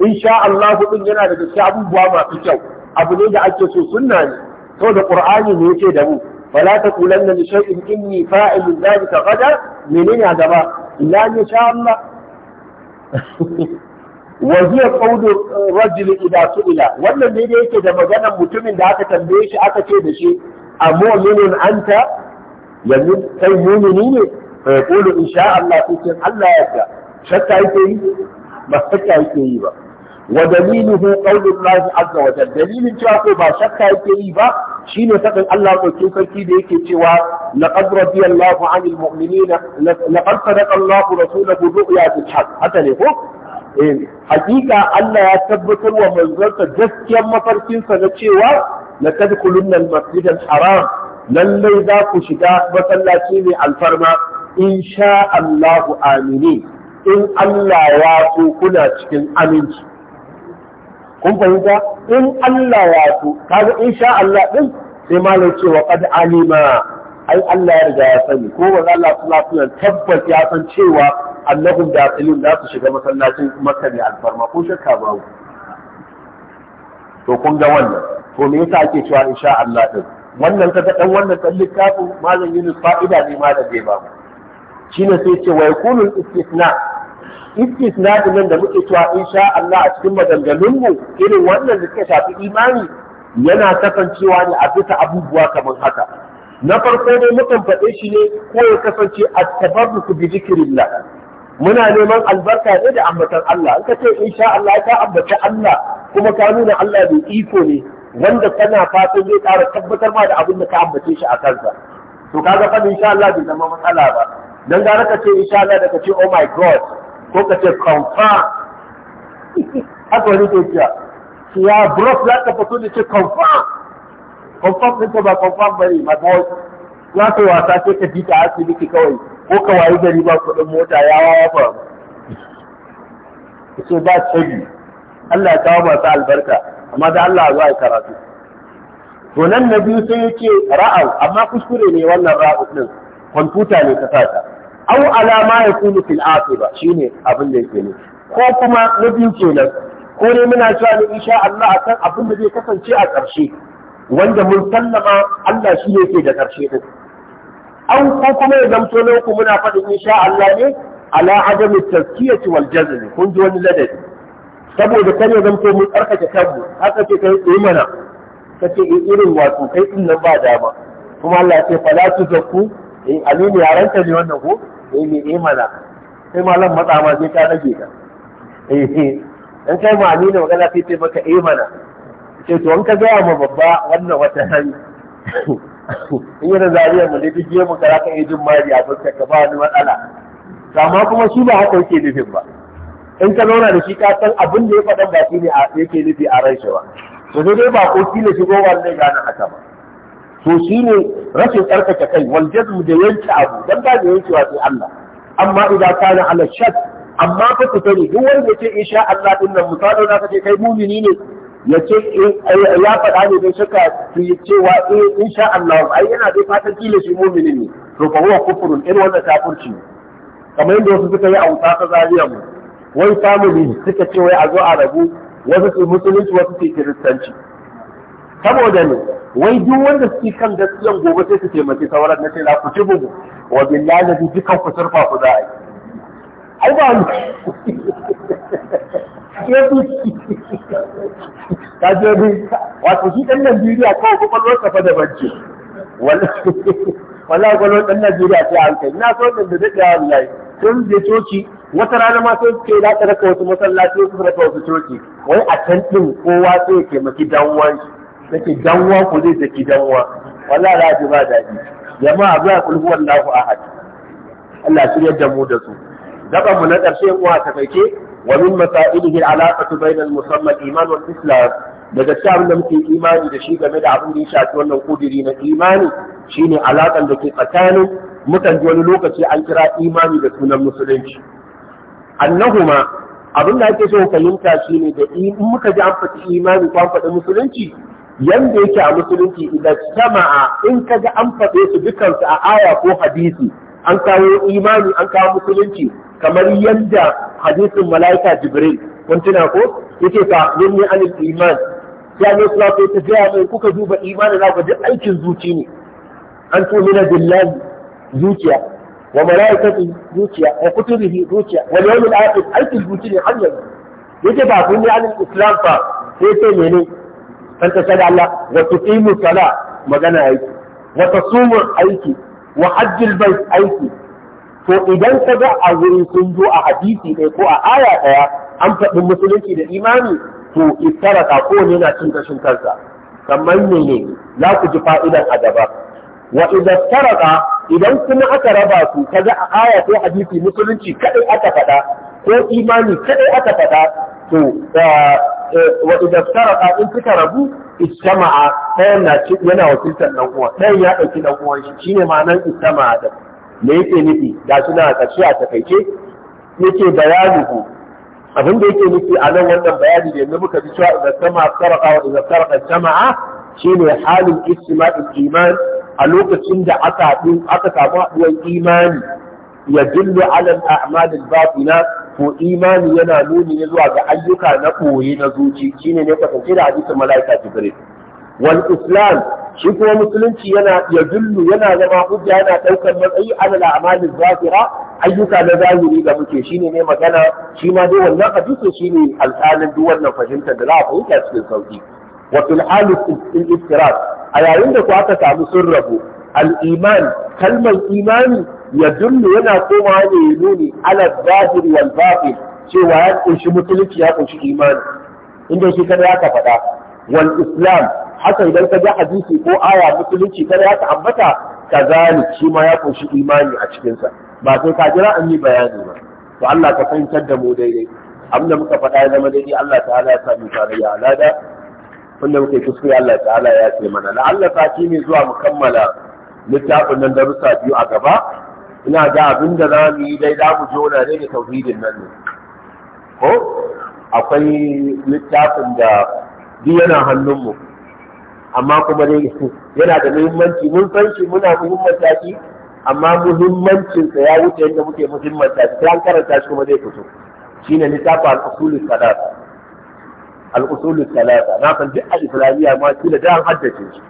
insha Allah din yana daga cikin abubuwa masu kyau abu ne da ake so sunna ne saboda qur'ani ne yake da mu فلا تقولن لشيء اني in ذلك غدا منين يا جماعه الا ان شاء wa zuwa rajili rajuli idza su'ila wannan ne da yake da maganar mutumin da aka tambaye shi aka ce da shi a mu'minun anta yanzu kai mu'mini ne fa yaqulu insha Allah sai Allah ya yarda shakka yake yi ba shakka yake yi ba wa daliluhu qawlu Allah azza wa jalla dalilin cewa ko ba shakka yake yi ba shine sakan Allah ko sarki da yake cewa laqad radiyallahu 'anil mu'minina laqad haka ne ko Eh, hakika Allah ya tabbatar wa manzansa gaskiyar mafarkinsa na cewa la tadkhulunna al-masjid haram lallai za ku shiga masallaci mai alfarma insha Allahu amini in Allah ya so kuna cikin aminci kun fahimta in Allah ya so kaga insha Allah ɗin, sai malam cewa qad alima ai Allah ya riga ya sani ko za Allah sallallahu alaihi tabbas ya san cewa da dakhilun za su shiga masallacin Makka ne alfarma ko shakka babu to kun ga wannan to me yasa ake cewa insha Allah din wannan kaga dan wannan dan littafin malam Yunus fa'ida ne ma da zai ba mu shine sai ce wa yakunu istisna istisna din da muke cewa insha Allah a cikin maganganun mu irin wannan da suka shafi imani yana kasancewa ne a bisa abubuwa kamar haka na farko dai mukan faɗe shi ne ko ya kasance a ku bi kirilla muna neman albarka ne da ambatan Allah in ka ce sha Allah ka ambata Allah kuma ka nuna Allah da iko ne wanda kana fatan zai ƙara tabbatar ma da abin da ka ambace shi a kansa to kaga fa sha Allah bai zama matsala ba dan gara ka ce in sha Allah da ka ce oh my god ko ka ce confirm haka wani ke cewa ya bros za ka fito da ce confirm confirm ɗinta ba confirm ba ne ba za ka wasa sai ka fita asibiti kawai ko ka wayi gari ba kuɗin mota ya wawa fa so ba shagi Allah ya kawo masu albarka amma da Allah ya zuwa ya karatu to nan na biyu sai ya yake ra'au amma kuskure ne wannan ra'au din kwamfuta ne ta sata au alama ya kunu fil shi ne abin da yake ne ko kuma na biyu kenan ko ne muna cewa ne insha Allah akan abin da zai kasance a ƙarshe wanda mun sallama Allah shi ne ke da ƙarshe din an ko kuma ya zamto na uku muna faɗin insha Allah ne ala adamu tazkiyati wal jazm kun ji wani ladabi saboda kan ya zamto mun tsarkake kanmu haka ce kai tsaye mana ka ce kace eh, irin wato kai ɗin nan ba dama kuma Allah ya ce fa fala tuzakku eh alimi ka ne wannan ko eh ne eh mana sai malam matsa ma zai ka rage ka eh eh dan kai ma amina magana sai ce maka eh mana ce to in ka gaya ma babba wannan wata hari in yana zariya mu ne duk mu kara ka jin mari a fuskar ka ba wani matsala amma kuma shi ba haka yake nufin ba in ka zauna da shi ka san abin da ya faɗa ba shi ne yake nufi a ran shi ba to sai dai ba ko shi ne shigo ba zai gane haka ba to shi ne rashin tsarkake kai wal mu da yanke abu dan ba da yankewa sai Allah amma idan kana ala shak amma fa ku sani duk wanda ce insha Allah din nan misalin ka ce kai mumini ne ya eh, eh, ya faɗa ne don shaka su yi cewa eh insha Allah ai yana dai fatan kila shi mu'mini ne to fa huwa kufrun irin wannan kafirci kamar yadda wasu suka yi a wuta ta zariya mu wai family suka ce wai a zo a rabu wasu su musulunci wasu su kiristanci saboda ne wai duk wanda suke kan gaskiyan gobe sai su taimaki sauran na ce ku ci bugu wa billahi dukan ku surfa ku za a yi [laughs] ka ta je bi wato shi ɗan Najeriya kawai kwakwalwar kafa da bance wallahi kwakwalwar ɗan Najeriya ta hankali na so da daɗewa wallahi sun je coci wata rana ma sai ce da ta raka wasu masallaci su raka wasu coci wai a can ɗin kowa sai ya taimaki danwan shi nake danwa ko zai saki danwa wallahi za a ji ba daɗi jama'a zuwa kulhuwan lahu ahad Allah shirya da mu da su. Gaba mu na ƙarshe uwa ta kai ومن مسائله العلاقة بين المسمى الإيمان والإسلام daga cikin abin da muke imani da shi game da abin da ya shafi wannan kudiri na imani shine alaƙar da ke tsakanin mukan ji wani lokaci an kira imani da sunan musulunci annahuma abin da ake so fahimta shine da in muka ji an faɗi imani ko an faɗi musulunci yanda yake a musulunci idan sama'a in ka ga an faɗe su dukansu a aya ko hadisi an kawo imani an kawo musulunci kamar yadda hadisin malaika jibril kun tuna ko yake fa yanni an iman ya ne kuma ko ta ga mai kuka duba imani za ku duk aikin zuci ne an mina billahi zuciya wa malaikati zuciya wa kutubihi zuciya wa yawmil akhir aikin zuci ne hanyar yake ba kun ne an islam fa sai sai mene kan ta sada Allah wa tuqimu sala magana aiki wa tasumu aiki wa hajjil bai aiki to idan ka ga a wurin sun zo a hadisi ɗaya ko a aya ɗaya an faɗi musulunci da imani to iftaraka ko ne na cin kansa kamar ne ne za ku ji fa'idan a gaba wa idan taraka idan kuma aka raba su kaga a aya ko hadisi musulunci kaɗai aka faɗa ko imani kaɗai aka faɗa to eh, wa idan taraka in suka rabu istama'a ɗayan na yana wakiltar dan uwa ɗayan ya ɗauki dan uwan shi shine ma'anar istama'a da me yake nufi ga suna a ƙarshe a takaice yake bayanuhu abin da yake nufi a nan wannan bayani da yanzu muka ji cewa idan sama sarqa wa idan sarqa jama'a shine halin istima'il iman a lokacin da aka aka samu haɗuwar imani ya dillu alal al-a'mal batina to imani yana nuni ne zuwa ga ayyuka na koyi na zuci shine ne kasance da hadisin malaika jibril wal islam shi kuma musulunci yana ya dullu yana zama hujja yana daukar matsayi ala al'amalin zahira ayyuka na zahiri da muke shine ne magana shi ma dai wannan hadisi shine alƙalin duk wannan fahimtar da za a fahimta cikin sauki wa fil hal al a yayin da ku aka samu sun rabu al iman kalmar imani ya yana komawa ne ya nuni ala zahir cewa ya kunshi musulunci ya kunshi imani inda shi ya ka faɗa wal islam haka idan ka ga hadisi ko aya musulunci kada ya ka ambata kazani ma ya kunshi imani a cikinsa ba sai ka jira an yi bayani ba to Allah ka fahimtar da mu daidai abinda muka faɗa ya zama daidai Allah ta'ala ya sami kuskure Allah ta'ala ya ce mana la'alla sati ne zuwa mu kammala littafin nan darussa biyu a gaba ina ga abin da za mu yi dai za mu jona ne da tauhidin nan ne ko akwai littafin da duk yana hannunmu amma kuma dai yana da muhimmanci mun san shi muna muhimmanta shi amma muhimmancinsa ya wuce yadda muke muhimmanta shi an karanta shi kuma zai fito shine littafin al-usulul salata al salata na san duk al-islamiyya ma kila da an haddace shi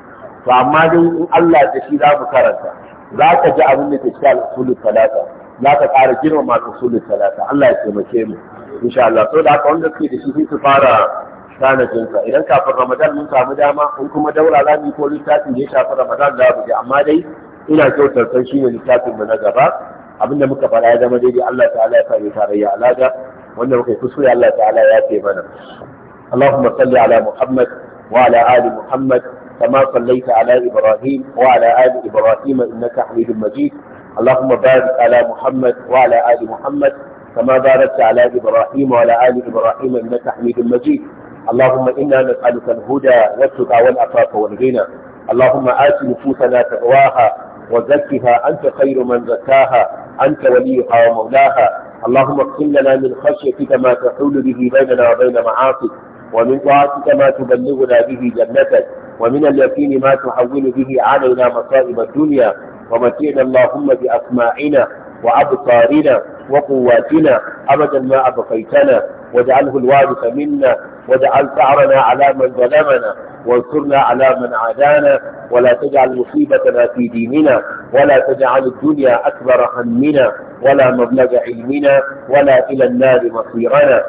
to amma dai in Allah da shi za mu karanta za ka ji abin da ke cikin al'usulun talata za ka ƙara girmama al'usulun talata Allah ya taimake mu insha Allah so da haka wanda suke da shi su fara tanajinsa idan kafin ramadan mun samu dama in kuma daura za mu yi ko littafin da ya shafi ramadan za mu je amma dai ina kyautar san shi ne littafin mu na gaba abinda muka fara ya zama daidai Allah ta'ala ya fara tarayya alaga wanda muka yi kuskure Allah ta'ala ya ce mana اللهم صل على محمد وعلى آل محمد كما صليت على إبراهيم وعلى آل إبراهيم إنك حميد مجيد اللهم بارك على محمد وعلى آل محمد كما باركت على إبراهيم وعلى آل إبراهيم إنك حميد مجيد اللهم إنا نسألك الهدى والتقى والعفاف والغنى اللهم آت نفوسنا تقواها وزكها أنت خير من زكاها أنت وليها ومولاها اللهم اقسم لنا من خشيتك ما تحول به بيننا وبين معاصيك ومن طاعتك ما تبلغنا به جنتك ومن اليقين ما تحول به علينا مصائب الدنيا ومتعنا اللهم بأسماعنا وأبصارنا وقواتنا أبدا ما أبقيتنا واجعله الوارث منا واجعل ثأرنا على من ظلمنا وانصرنا على من عادانا ولا تجعل مصيبتنا في ديننا ولا تجعل الدنيا أكبر همنا ولا مبلغ علمنا ولا إلى النار مصيرنا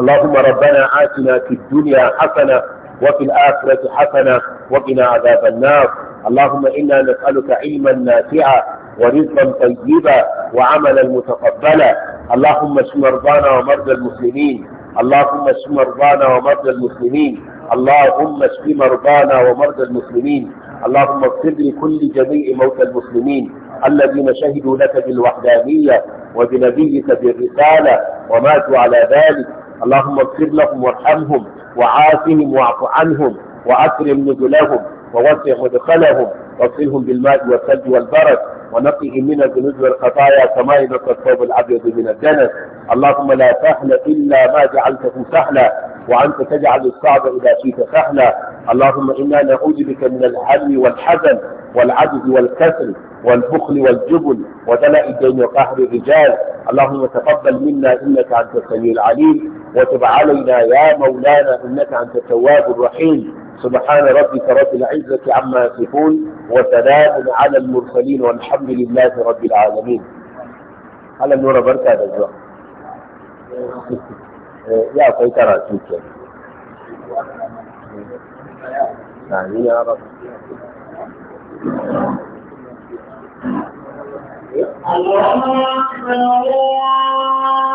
اللهم ربنا آتنا في الدنيا حسنة وفي الآخرة حسنة وقنا عذاب النار اللهم إنا نسألك علما نافعا ورزقا طيبا وعملا متقبلا اللهم اشف مرضانا ومرضى المسلمين اللهم اشف مرضانا ومرضى المسلمين اللهم اشف مرضانا ومرضى المسلمين اللهم اغفر لكل جميع موتى المسلمين الذين شهدوا لك بالوحدانية وبنبيك بالرسالة وماتوا على ذلك اللهم اغفر لهم وارحمهم وعافهم واعف عنهم وأكرم نزلهم ووسع مدخلهم واغسلهم بالماء والثلج والبرد ونقهم من الذنوب والخطايا كما ينقى الثوب الابيض من الدنس اللهم لا سهل الا ما جعلته سهلا وأنت تجعل الصعب إذا شئت سهلا اللهم إنا نعوذ بك من الهم والحزن والعجز والكسل والبخل والجبن ودلاء الدين وقهر الرجال اللهم تقبل منا إنك أنت السميع العليم وتب علينا يا مولانا إنك أنت التواب الرحيم سبحان ربك رب العزة عما يصفون وسلام على المرسلين والحمد لله رب العالمين. على النور بركة you. [laughs] Eh, ya akwai karatu ke Amin ya rabu. Allah